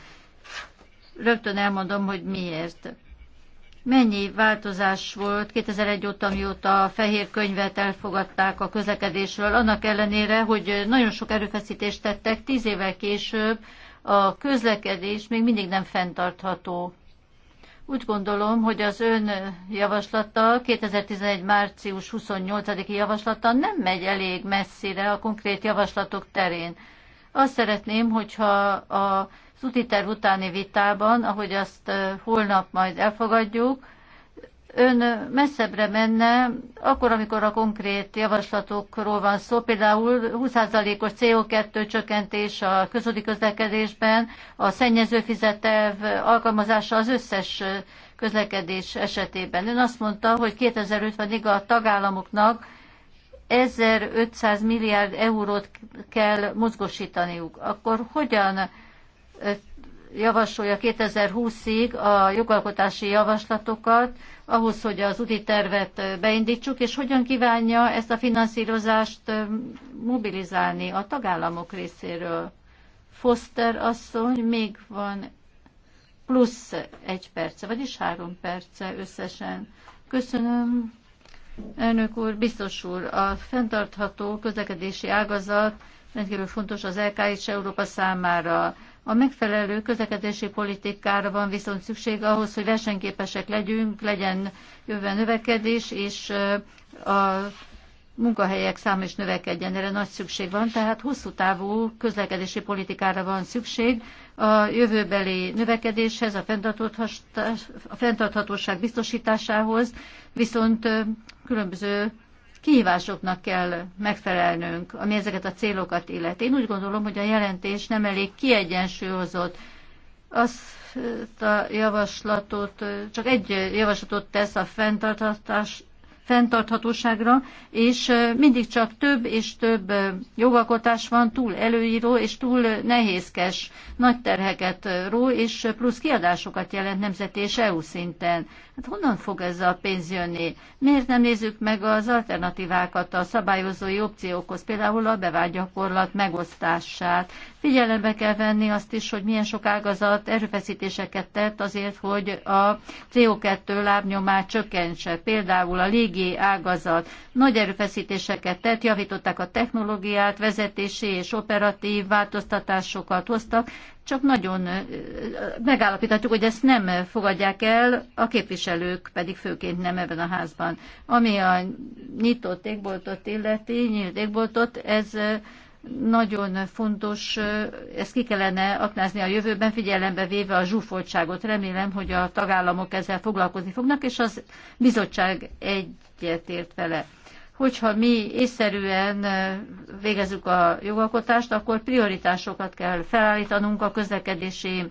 Rögtön elmondom, hogy miért. Mennyi változás volt 2001 óta, mióta a fehér könyvet elfogadták a közlekedésről, annak ellenére, hogy nagyon sok erőfeszítést tettek, tíz évvel később a közlekedés még mindig nem fenntartható. Úgy gondolom, hogy az ön javaslata, 2011. március 28-i javaslata nem megy elég messzire a konkrét javaslatok terén. Azt szeretném, hogyha a az úti utáni vitában, ahogy azt holnap majd elfogadjuk, ön messzebbre menne, akkor, amikor a konkrét javaslatokról van szó, például 20%-os CO2 csökkentés a közúti közlekedésben, a szennyező fizetev alkalmazása az összes közlekedés esetében. Ön azt mondta, hogy 2050-ig a tagállamoknak 1500 milliárd eurót kell mozgosítaniuk. Akkor hogyan javasolja 2020-ig a jogalkotási javaslatokat ahhoz, hogy az úti tervet beindítsuk, és hogyan kívánja ezt a finanszírozást mobilizálni a tagállamok részéről. Foster asszony, még van plusz egy perce, vagyis három perce összesen. Köszönöm, elnök úr, biztos úr, a fenntartható közlekedési ágazat rendkívül fontos az LK és Európa számára. A megfelelő közlekedési politikára van viszont szükség ahhoz, hogy versenyképesek legyünk, legyen jövő növekedés, és a munkahelyek száma is növekedjen, erre nagy szükség van, tehát hosszú távú közlekedési politikára van szükség a jövőbeli növekedéshez, a, a fenntarthatóság biztosításához, viszont különböző kihívásoknak kell megfelelnünk, ami ezeket a célokat illeti. Én úgy gondolom, hogy a jelentés nem elég kiegyensúlyozott. Azt a javaslatot, csak egy javaslatot tesz a fenntartatás fenntarthatóságra, és mindig csak több és több jogalkotás van, túl előíró és túl nehézkes, nagy terheket ró, és plusz kiadásokat jelent nemzeti és EU szinten. Hát honnan fog ez a pénz jönni? Miért nem nézzük meg az alternatívákat a szabályozói opciókhoz, például a bevált gyakorlat megosztását? Figyelembe kell venni azt is, hogy milyen sok ágazat erőfeszítéseket tett azért, hogy a CO2 lábnyomát csökkentse, például a légi pénzügyi ágazat nagy erőfeszítéseket tett, javították a technológiát, vezetési és operatív változtatásokat hoztak, csak nagyon megállapíthatjuk, hogy ezt nem fogadják el, a képviselők pedig főként nem ebben a házban. Ami a nyitott égboltot illeti, nyílt égboltot, ez nagyon fontos, ezt ki kellene aknázni a jövőben, figyelembe véve a zsúfoltságot. Remélem, hogy a tagállamok ezzel foglalkozni fognak, és az bizottság egyetért vele. Hogyha mi észszerűen végezzük a jogalkotást, akkor prioritásokat kell felállítanunk a közlekedési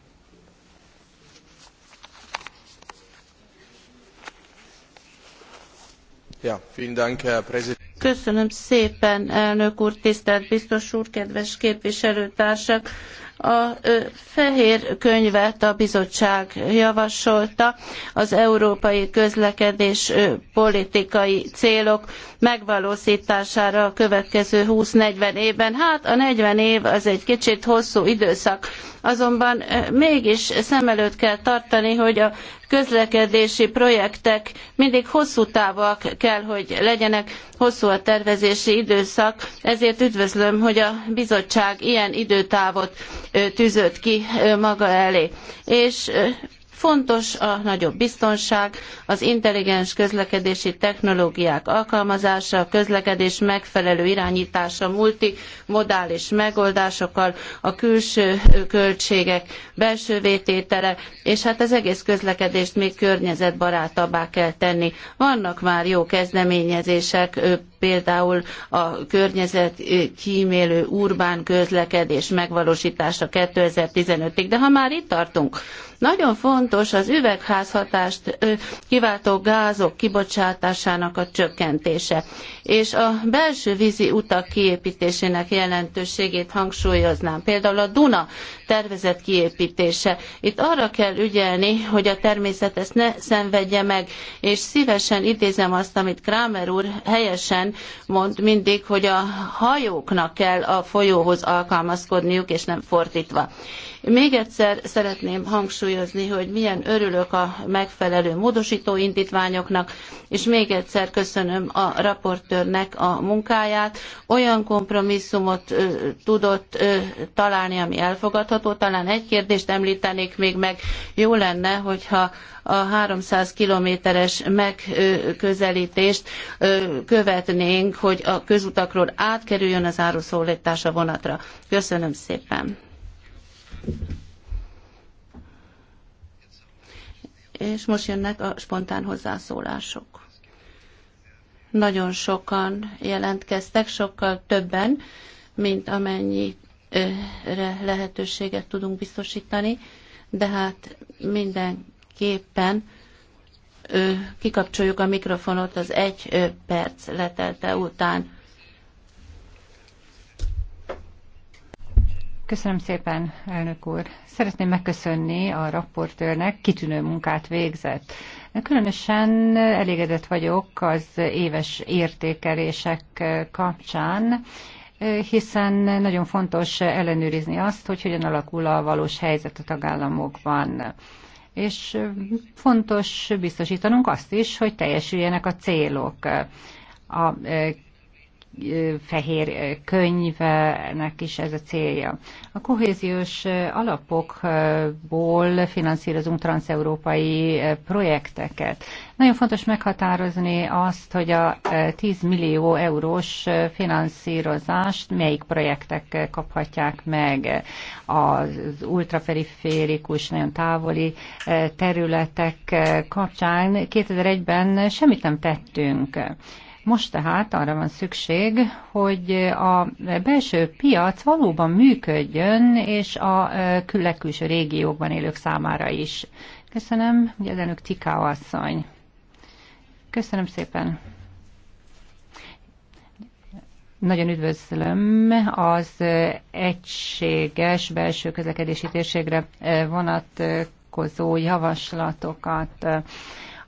Köszönöm szépen, elnök úr, tisztelt biztos úr, kedves képviselőtársak! A fehér könyvet a bizottság javasolta, az európai közlekedés politikai célok megvalósítására a következő 20-40 évben. Hát a 40 év az egy kicsit hosszú időszak, azonban mégis szem előtt kell tartani, hogy a közlekedési projektek mindig hosszú távak kell, hogy legyenek, hosszú a tervezési időszak, ezért üdvözlöm, hogy a bizottság ilyen időtávot tűzött ki maga elé. És Fontos a nagyobb biztonság, az intelligens közlekedési technológiák alkalmazása, a közlekedés megfelelő irányítása, multimodális megoldásokkal, a külső költségek belső tétele és hát az egész közlekedést még környezetbarátabbá kell tenni. Vannak már jó kezdeményezések, például a környezet kímélő urbán közlekedés megvalósítása 2015-ig, de ha már itt tartunk, nagyon fontos az üvegházhatást kiváltó gázok kibocsátásának a csökkentése, és a belső vízi utak kiépítésének jelentőségét hangsúlyoznám. Például a Duna tervezett kiépítése. Itt arra kell ügyelni, hogy a természet ezt ne szenvedje meg, és szívesen idézem azt, amit Kramer úr helyesen mond mindig, hogy a hajóknak kell a folyóhoz alkalmazkodniuk, és nem fordítva. Még egyszer szeretném hangsúlyozni, hogy milyen örülök a megfelelő módosító indítványoknak, és még egyszer köszönöm a raportőrnek a munkáját. Olyan kompromisszumot ö, tudott ö, találni, ami elfogadható. Talán egy kérdést említenék még meg. Jó lenne, hogyha a 300 kilométeres megközelítést követnénk, hogy a közutakról átkerüljön az áruszólítás a vonatra. Köszönöm szépen! És most jönnek a spontán hozzászólások. Nagyon sokan jelentkeztek, sokkal többen, mint amennyire lehetőséget tudunk biztosítani, de hát mindenképpen kikapcsoljuk a mikrofonot az egy perc letelte után. Köszönöm szépen, elnök úr. Szeretném megköszönni a raportőrnek, kitűnő munkát végzett. Különösen elégedett vagyok az éves értékelések kapcsán, hiszen nagyon fontos ellenőrizni azt, hogy hogyan alakul a valós helyzet a tagállamokban. És fontos biztosítanunk azt is, hogy teljesüljenek a célok. A fehér könyvnek is ez a célja. A kohéziós alapokból finanszírozunk transeurópai projekteket. Nagyon fontos meghatározni azt, hogy a 10 millió eurós finanszírozást melyik projektek kaphatják meg az ultraperiférikus, nagyon távoli területek kapcsán. 2001-ben semmit nem tettünk. Most tehát arra van szükség, hogy a belső piac valóban működjön, és a külső régiókban élők számára is. Köszönöm, hogy az asszony. Köszönöm szépen. Nagyon üdvözlöm az egységes belső közlekedési térségre vonatkozó javaslatokat.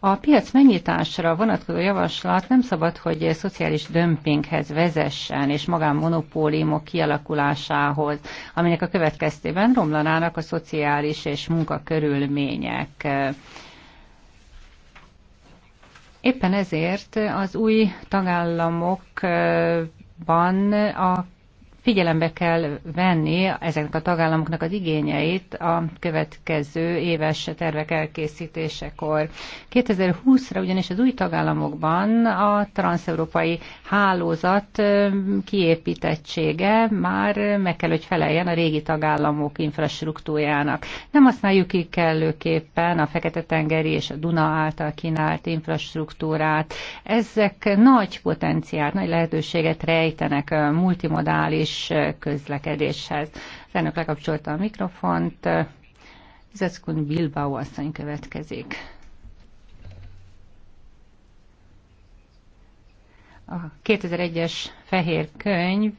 A piac megnyitásra vonatkozó javaslat nem szabad, hogy szociális dömpinghez vezessen, és magánmonopóliumok kialakulásához, aminek a következtében romlanának a szociális és munkakörülmények. Éppen ezért az új tagállamok a figyelembe kell venni ezeknek a tagállamoknak az igényeit a következő éves tervek elkészítésekor. 2020-ra ugyanis az új tagállamokban a transeurópai hálózat kiépítettsége már meg kell, hogy feleljen a régi tagállamok infrastruktúrájának. Nem használjuk ki kellőképpen a Fekete-tengeri és a Duna által kínált infrastruktúrát. Ezek nagy potenciált, nagy lehetőséget rejtenek multimodális és közlekedéshez. Az elnök lekapcsolta a mikrofont. Zeckun Bilbao asszony következik. A 2001-es fehér könyv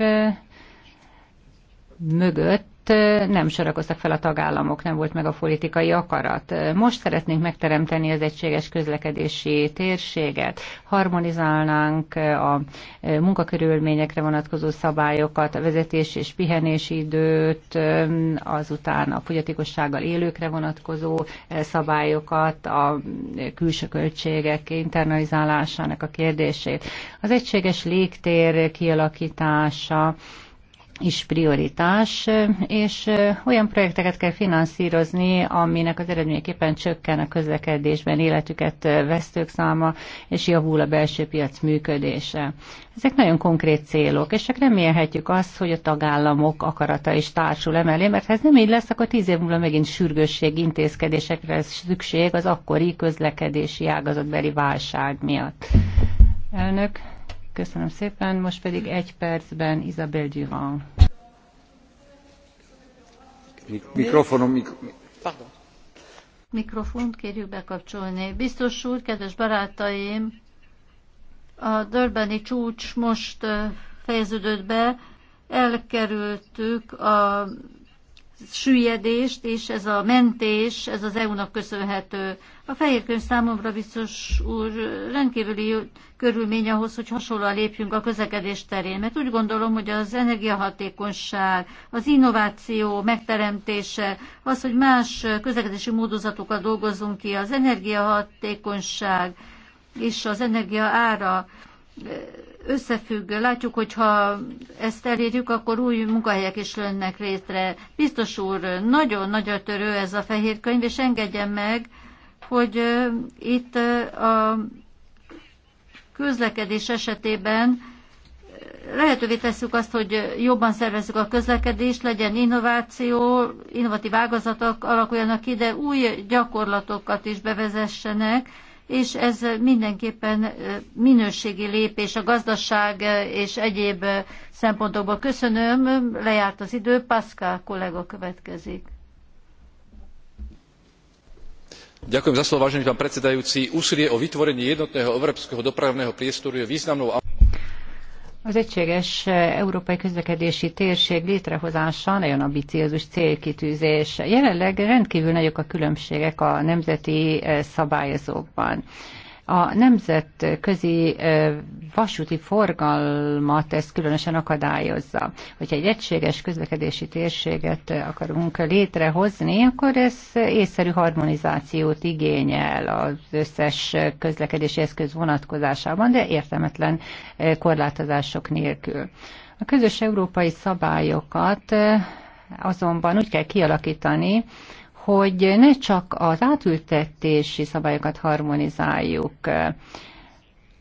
mögött ott nem sorakoztak fel a tagállamok, nem volt meg a politikai akarat. Most szeretnénk megteremteni az egységes közlekedési térséget, harmonizálnánk a munkakörülményekre vonatkozó szabályokat, a vezetés és pihenési időt, azután a fogyatékossággal élőkre vonatkozó szabályokat, a külső költségek internalizálásának a kérdését. Az egységes légtér kialakítása, is prioritás, és olyan projekteket kell finanszírozni, aminek az eredményeképpen csökken a közlekedésben életüket vesztők száma, és javul a belső piac működése. Ezek nagyon konkrét célok, és csak remélhetjük azt, hogy a tagállamok akarata is társul emelé, mert ha ez nem így lesz, akkor tíz év múlva megint sürgősség intézkedésekre lesz szükség az akkori közlekedési ágazatbeli válság miatt. Elnök, Köszönöm szépen, most pedig egy percben Isabel Durand. Mikrofonom, mik. Pardon. Mikrofont kérjük bekapcsolni. Biztos úr, kedves barátaim, a Dörbeni csúcs most fejeződött be, elkerültük a süllyedést, és ez a mentés, ez az EU-nak köszönhető. A fehér könyv számomra biztos úr rendkívüli körülmény ahhoz, hogy hasonlóan lépjünk a közlekedés terén, mert úgy gondolom, hogy az energiahatékonyság, az innováció megteremtése, az, hogy más közlekedési módozatokat dolgozzunk ki, az energiahatékonyság és az energia ára összefügg. Látjuk, hogy ha ezt elérjük, akkor új munkahelyek is lönnek létre. Biztos úr, nagyon nagy törő ez a fehér könyv, és engedjen meg, hogy itt a közlekedés esetében lehetővé tesszük azt, hogy jobban szervezzük a közlekedést, legyen innováció, innovatív ágazatok alakuljanak ki, de új gyakorlatokat is bevezessenek, és ez mindenképpen minőségi lépés a gazdaság és egyéb szempontokból. Köszönöm, lejárt az idő, Pascal kollega következik. úsilie o vytvorenie jednotného európskeho dopravného priestoru je významnou az egységes európai közlekedési térség létrehozása nagyon ambiciózus célkitűzés. Jelenleg rendkívül nagyok a különbségek a nemzeti eh, szabályozókban. A nemzetközi vasúti forgalmat ez különösen akadályozza. Hogyha egy egységes közlekedési térséget akarunk létrehozni, akkor ez észszerű harmonizációt igényel az összes közlekedési eszköz vonatkozásában, de értelmetlen korlátozások nélkül. A közös európai szabályokat azonban úgy kell kialakítani, hogy ne csak az átültetési szabályokat harmonizáljuk,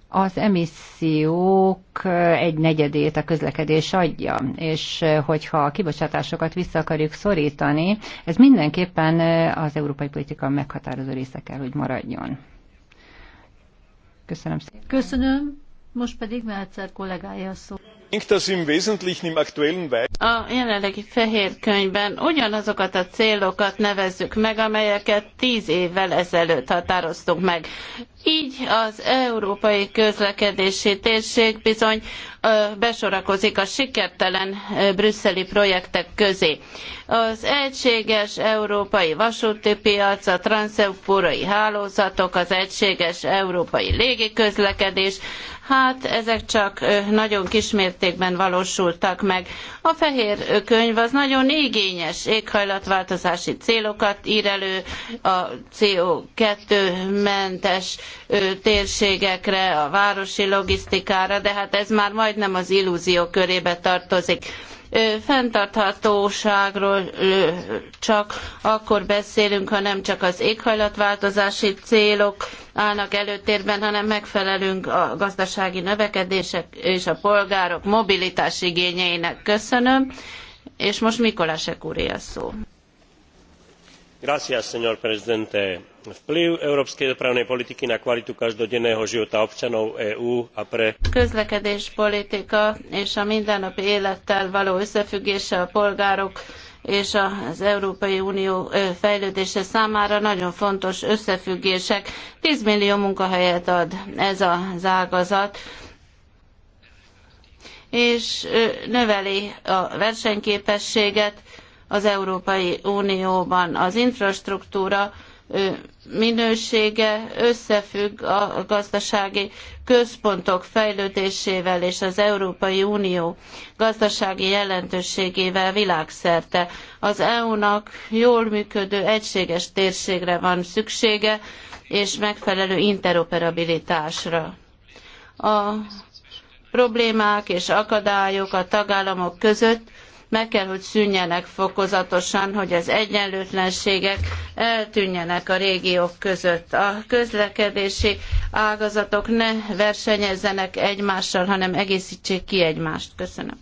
az emissziók egy negyedét a közlekedés adja, és hogyha a kibocsátásokat vissza akarjuk szorítani, ez mindenképpen az európai politika meghatározó része kell, hogy maradjon. Köszönöm szépen. Köszönöm, most pedig Melcer kollégája szó. A jelenlegi fehér könyvben ugyanazokat a célokat nevezzük meg, amelyeket tíz évvel ezelőtt határoztunk meg. Így az európai közlekedési térség bizony besorakozik a sikertelen brüsszeli projektek közé az egységes európai vasúti piac, a transeurópai hálózatok, az egységes európai légiközlekedés, hát ezek csak nagyon kismértékben valósultak meg. A fehér könyv az nagyon igényes éghajlatváltozási célokat ír elő a CO2-mentes térségekre, a városi logisztikára, de hát ez már majdnem az illúzió körébe tartozik fenntarthatóságról csak akkor beszélünk, ha nem csak az éghajlatváltozási célok állnak előtérben, hanem megfelelünk a gazdasági növekedések és a polgárok mobilitás igényeinek. Köszönöm. És most Mikolásek úr a szó. Gracias, señor presidente vplyv európskej dopravnej politiky na kvalitu každodenného života občanov eú a pre. közlekedéspolitika és a mindennapi élettel való összefüggése a polgárok és az Európai Unió fejlődése számára nagyon fontos összefüggések. ten millió munkahelyet ad ez az ágazat és növeli a versenyképességet az Európai Unióban. Az infrastruktúra minősége összefügg a gazdasági központok fejlődésével és az Európai Unió gazdasági jelentőségével világszerte. Az EU-nak jól működő egységes térségre van szüksége, és megfelelő interoperabilitásra. A problémák és akadályok a tagállamok között meg kell, hogy szűnjenek fokozatosan, hogy az egyenlőtlenségek eltűnjenek a régiók között. A közlekedési ágazatok ne versenyezzenek egymással, hanem egészítsék ki egymást. Köszönöm.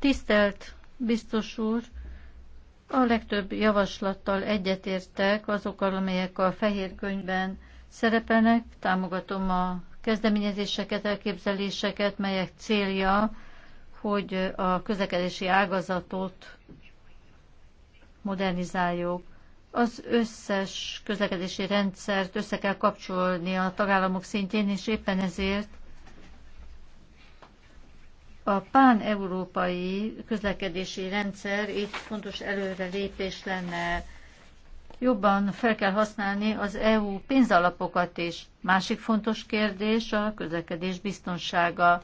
tisztelt biztos úr! A legtöbb javaslattal egyetértek azokkal, amelyek a fehér könyvben szerepelnek. Támogatom a kezdeményezéseket, elképzeléseket, melyek célja, hogy a közlekedési ágazatot modernizáljuk. Az összes közlekedési rendszert össze kell kapcsolni a tagállamok szintjén, és éppen ezért a pán-európai közlekedési rendszer itt fontos előrelépés lenne. Jobban fel kell használni az EU pénzalapokat is. Másik fontos kérdés a közlekedés biztonsága.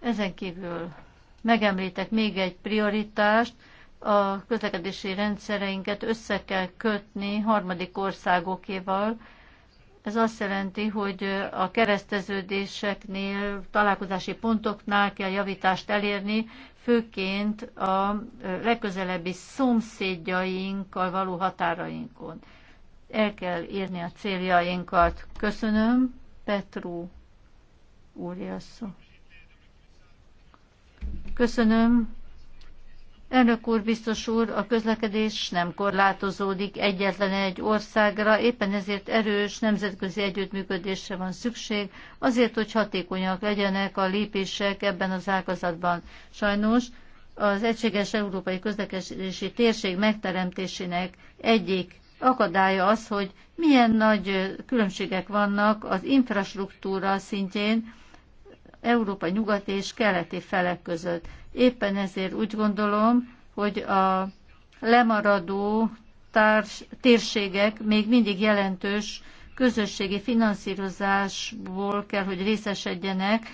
Ezen kívül megemlítek még egy prioritást, a közlekedési rendszereinket össze kell kötni harmadik országokéval, ez azt jelenti, hogy a kereszteződéseknél, találkozási pontoknál kell javítást elérni, főként a legközelebbi szomszédjainkkal való határainkon. El kell írni a céljainkat. Köszönöm, Petru úr, Köszönöm, Elnök úr, biztos úr, a közlekedés nem korlátozódik egyetlen egy országra, éppen ezért erős nemzetközi együttműködésre van szükség, azért, hogy hatékonyak legyenek a lépések ebben az ágazatban. Sajnos az egységes európai közlekedési térség megteremtésének egyik akadálya az, hogy milyen nagy különbségek vannak az infrastruktúra szintjén Európa nyugati és keleti felek között. Éppen ezért úgy gondolom, hogy a lemaradó társ, térségek még mindig jelentős közösségi finanszírozásból kell, hogy részesedjenek,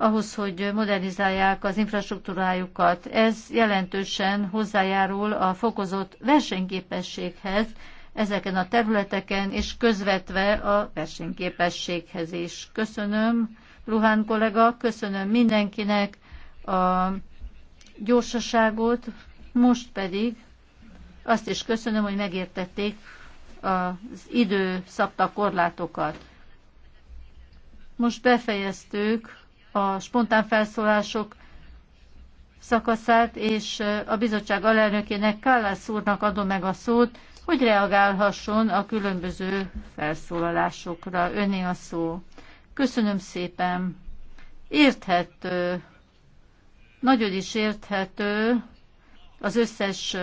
ahhoz, hogy modernizálják az infrastruktúrájukat. Ez jelentősen hozzájárul a fokozott versenyképességhez ezeken a területeken, és közvetve a versenyképességhez is. Köszönöm, Ruhán kollega, köszönöm mindenkinek, a gyorsaságot, most pedig azt is köszönöm, hogy megértették az idő szabta korlátokat. Most befejeztük a spontán felszólások szakaszát, és a bizottság alelnökének Kállász úrnak adom meg a szót, hogy reagálhasson a különböző felszólalásokra. Öné a szó. Köszönöm szépen. Érthető nagyon is érthető az összes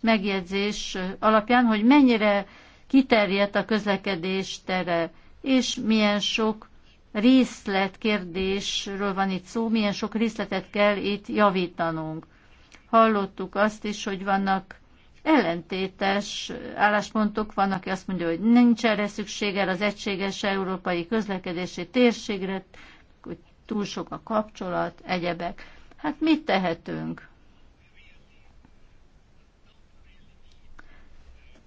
megjegyzés alapján, hogy mennyire kiterjedt a közlekedés tere, és milyen sok részletkérdésről van itt szó, milyen sok részletet kell itt javítanunk. Hallottuk azt is, hogy vannak ellentétes álláspontok, van, aki azt mondja, hogy nincs erre szükség, el az egységes európai közlekedési térségre, túl sok a kapcsolat, egyebek. Hát mit tehetünk?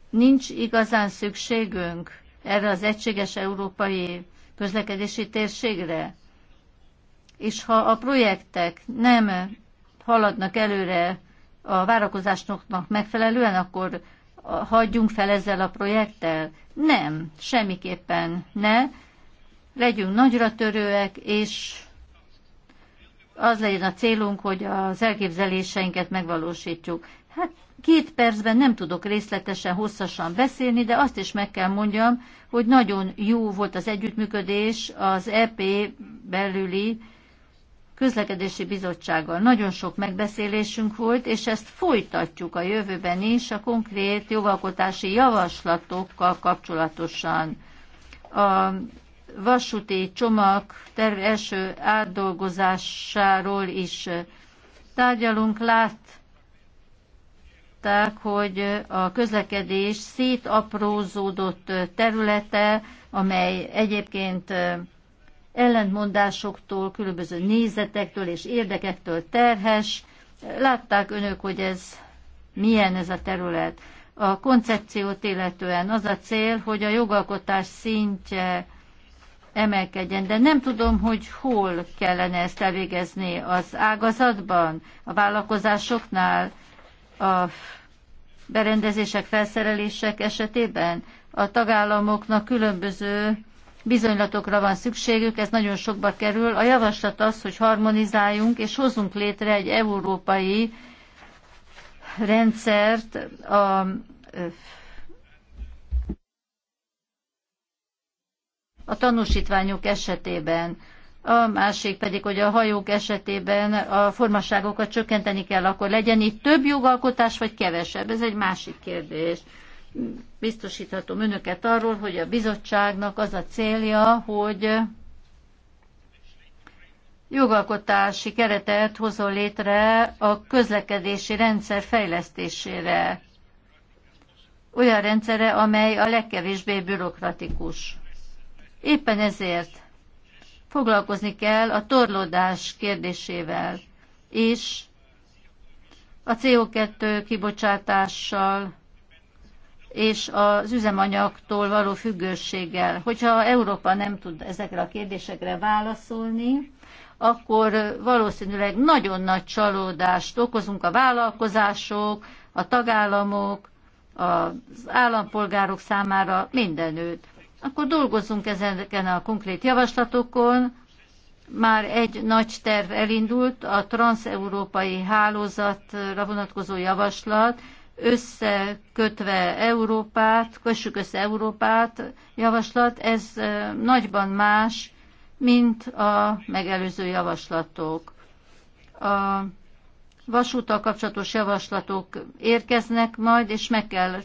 Nincs igazán szükségünk erre az egységes európai közlekedési térségre? És ha a projektek nem haladnak előre a várakozásoknak megfelelően, akkor hagyjunk fel ezzel a projekttel? Nem, semmiképpen ne. Legyünk nagyra törőek, és az legyen a célunk, hogy az elképzeléseinket megvalósítjuk. Hát két percben nem tudok részletesen, hosszasan beszélni, de azt is meg kell mondjam, hogy nagyon jó volt az együttműködés az EP belüli közlekedési bizottsággal. Nagyon sok megbeszélésünk volt, és ezt folytatjuk a jövőben is a konkrét jogalkotási javaslatokkal kapcsolatosan. A vasúti csomag terv első átdolgozásáról is tárgyalunk. Látták, hogy a közlekedés szétaprózódott területe, amely egyébként ellentmondásoktól, különböző nézetektől és érdekektől terhes. Látták önök, hogy ez milyen ez a terület. A koncepciót illetően az a cél, hogy a jogalkotás szintje emelkedjen, de nem tudom, hogy hol kellene ezt elvégezni az ágazatban, a vállalkozásoknál, a berendezések, felszerelések esetében. A tagállamoknak különböző bizonylatokra van szükségük, ez nagyon sokba kerül. A javaslat az, hogy harmonizáljunk és hozzunk létre egy európai rendszert a a tanúsítványok esetében, a másik pedig, hogy a hajók esetében a formaságokat csökkenteni kell, akkor legyen itt több jogalkotás, vagy kevesebb. Ez egy másik kérdés. Biztosíthatom önöket arról, hogy a bizottságnak az a célja, hogy jogalkotási keretet hozol létre a közlekedési rendszer fejlesztésére. Olyan rendszere, amely a legkevésbé bürokratikus. Éppen ezért foglalkozni kell a torlódás kérdésével és a CO2 kibocsátással és az üzemanyagtól való függőséggel. Hogyha Európa nem tud ezekre a kérdésekre válaszolni, akkor valószínűleg nagyon nagy csalódást okozunk a vállalkozások, a tagállamok, az állampolgárok számára mindenütt akkor dolgozzunk ezeken a konkrét javaslatokon. Már egy nagy terv elindult, a transeurópai hálózatra vonatkozó javaslat, összekötve Európát, kössük össze Európát javaslat, ez nagyban más, mint a megelőző javaslatok. A vasúttal kapcsolatos javaslatok érkeznek majd, és meg kell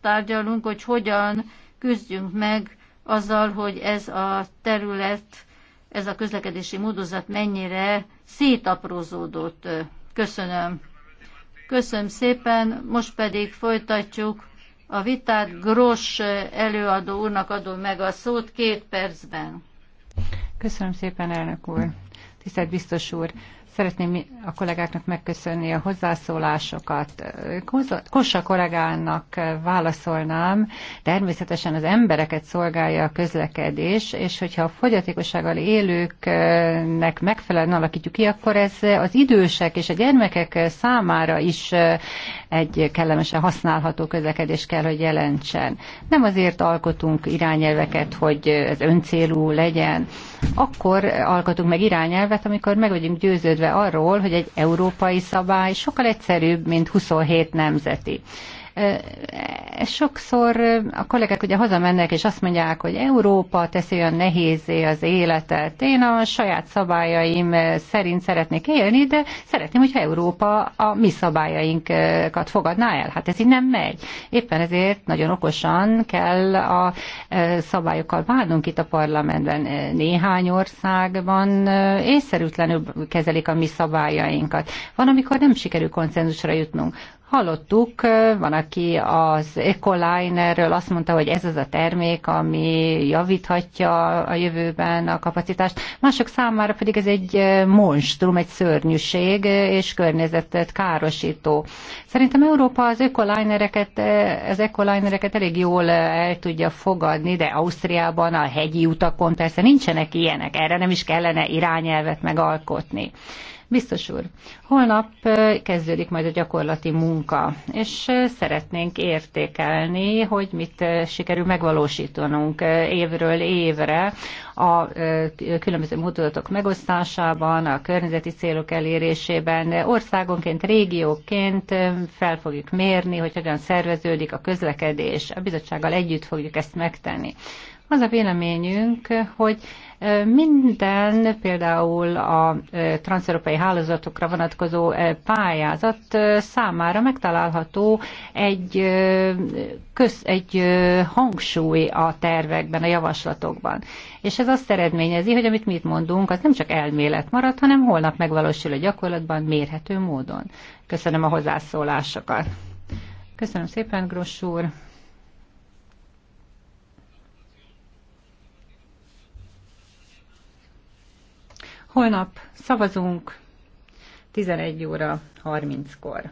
tárgyalunk, hogy hogyan küzdjünk meg azzal, hogy ez a terület, ez a közlekedési módozat mennyire szétaprózódott. Köszönöm. Köszönöm szépen, most pedig folytatjuk a vitát. Gross előadó úrnak adom meg a szót két percben. Köszönöm szépen, elnök úr. Tisztelt biztos úr! Szeretném a kollégáknak megköszönni a hozzászólásokat. Kossa kollégának válaszolnám, természetesen az embereket szolgálja a közlekedés, és hogyha a fogyatékossággal élőknek megfelelően alakítjuk ki, akkor ez az idősek és a gyermekek számára is egy kellemesen használható közlekedés kell, hogy jelentsen. Nem azért alkotunk irányelveket, hogy ez öncélú legyen. Akkor alkotunk meg irányelvet, amikor meg vagyunk győződve arról, hogy egy európai szabály sokkal egyszerűbb, mint 27 nemzeti. Sokszor a kollégák ugye hazamennek, és azt mondják, hogy Európa teszi olyan nehézé az életet. Én a saját szabályaim szerint szeretnék élni, de szeretném, hogyha Európa a mi szabályainkat fogadná el. Hát ez így nem megy. Éppen ezért nagyon okosan kell a szabályokkal válnunk itt a parlamentben. Néhány országban észszerűtlenül kezelik a mi szabályainkat. Van, amikor nem sikerül konszenzusra jutnunk. Hallottuk, van, aki az Ecolinerről azt mondta, hogy ez az a termék, ami javíthatja a jövőben a kapacitást. Mások számára pedig ez egy monstrum, egy szörnyűség és környezetet károsító. Szerintem Európa az Ecolinereket, az Ecolinereket elég jól el tudja fogadni, de Ausztriában a hegyi utakon persze nincsenek ilyenek, erre nem is kellene irányelvet megalkotni. Biztos úr, holnap kezdődik majd a gyakorlati munka, és szeretnénk értékelni, hogy mit sikerül megvalósítanunk évről évre a különböző módodatok megosztásában, a környezeti célok elérésében, országonként, régióként fel fogjuk mérni, hogy hogyan szerveződik a közlekedés. A bizottsággal együtt fogjuk ezt megtenni. Az a véleményünk, hogy minden, például a transzeurópai hálózatokra vonatkozó pályázat számára megtalálható egy, köz, egy hangsúly a tervekben, a javaslatokban. És ez azt eredményezi, hogy amit mi itt mondunk, az nem csak elmélet marad, hanem holnap megvalósul a gyakorlatban mérhető módon. Köszönöm a hozzászólásokat. Köszönöm szépen, Gross úr. Holnap szavazunk 11 óra 30-kor.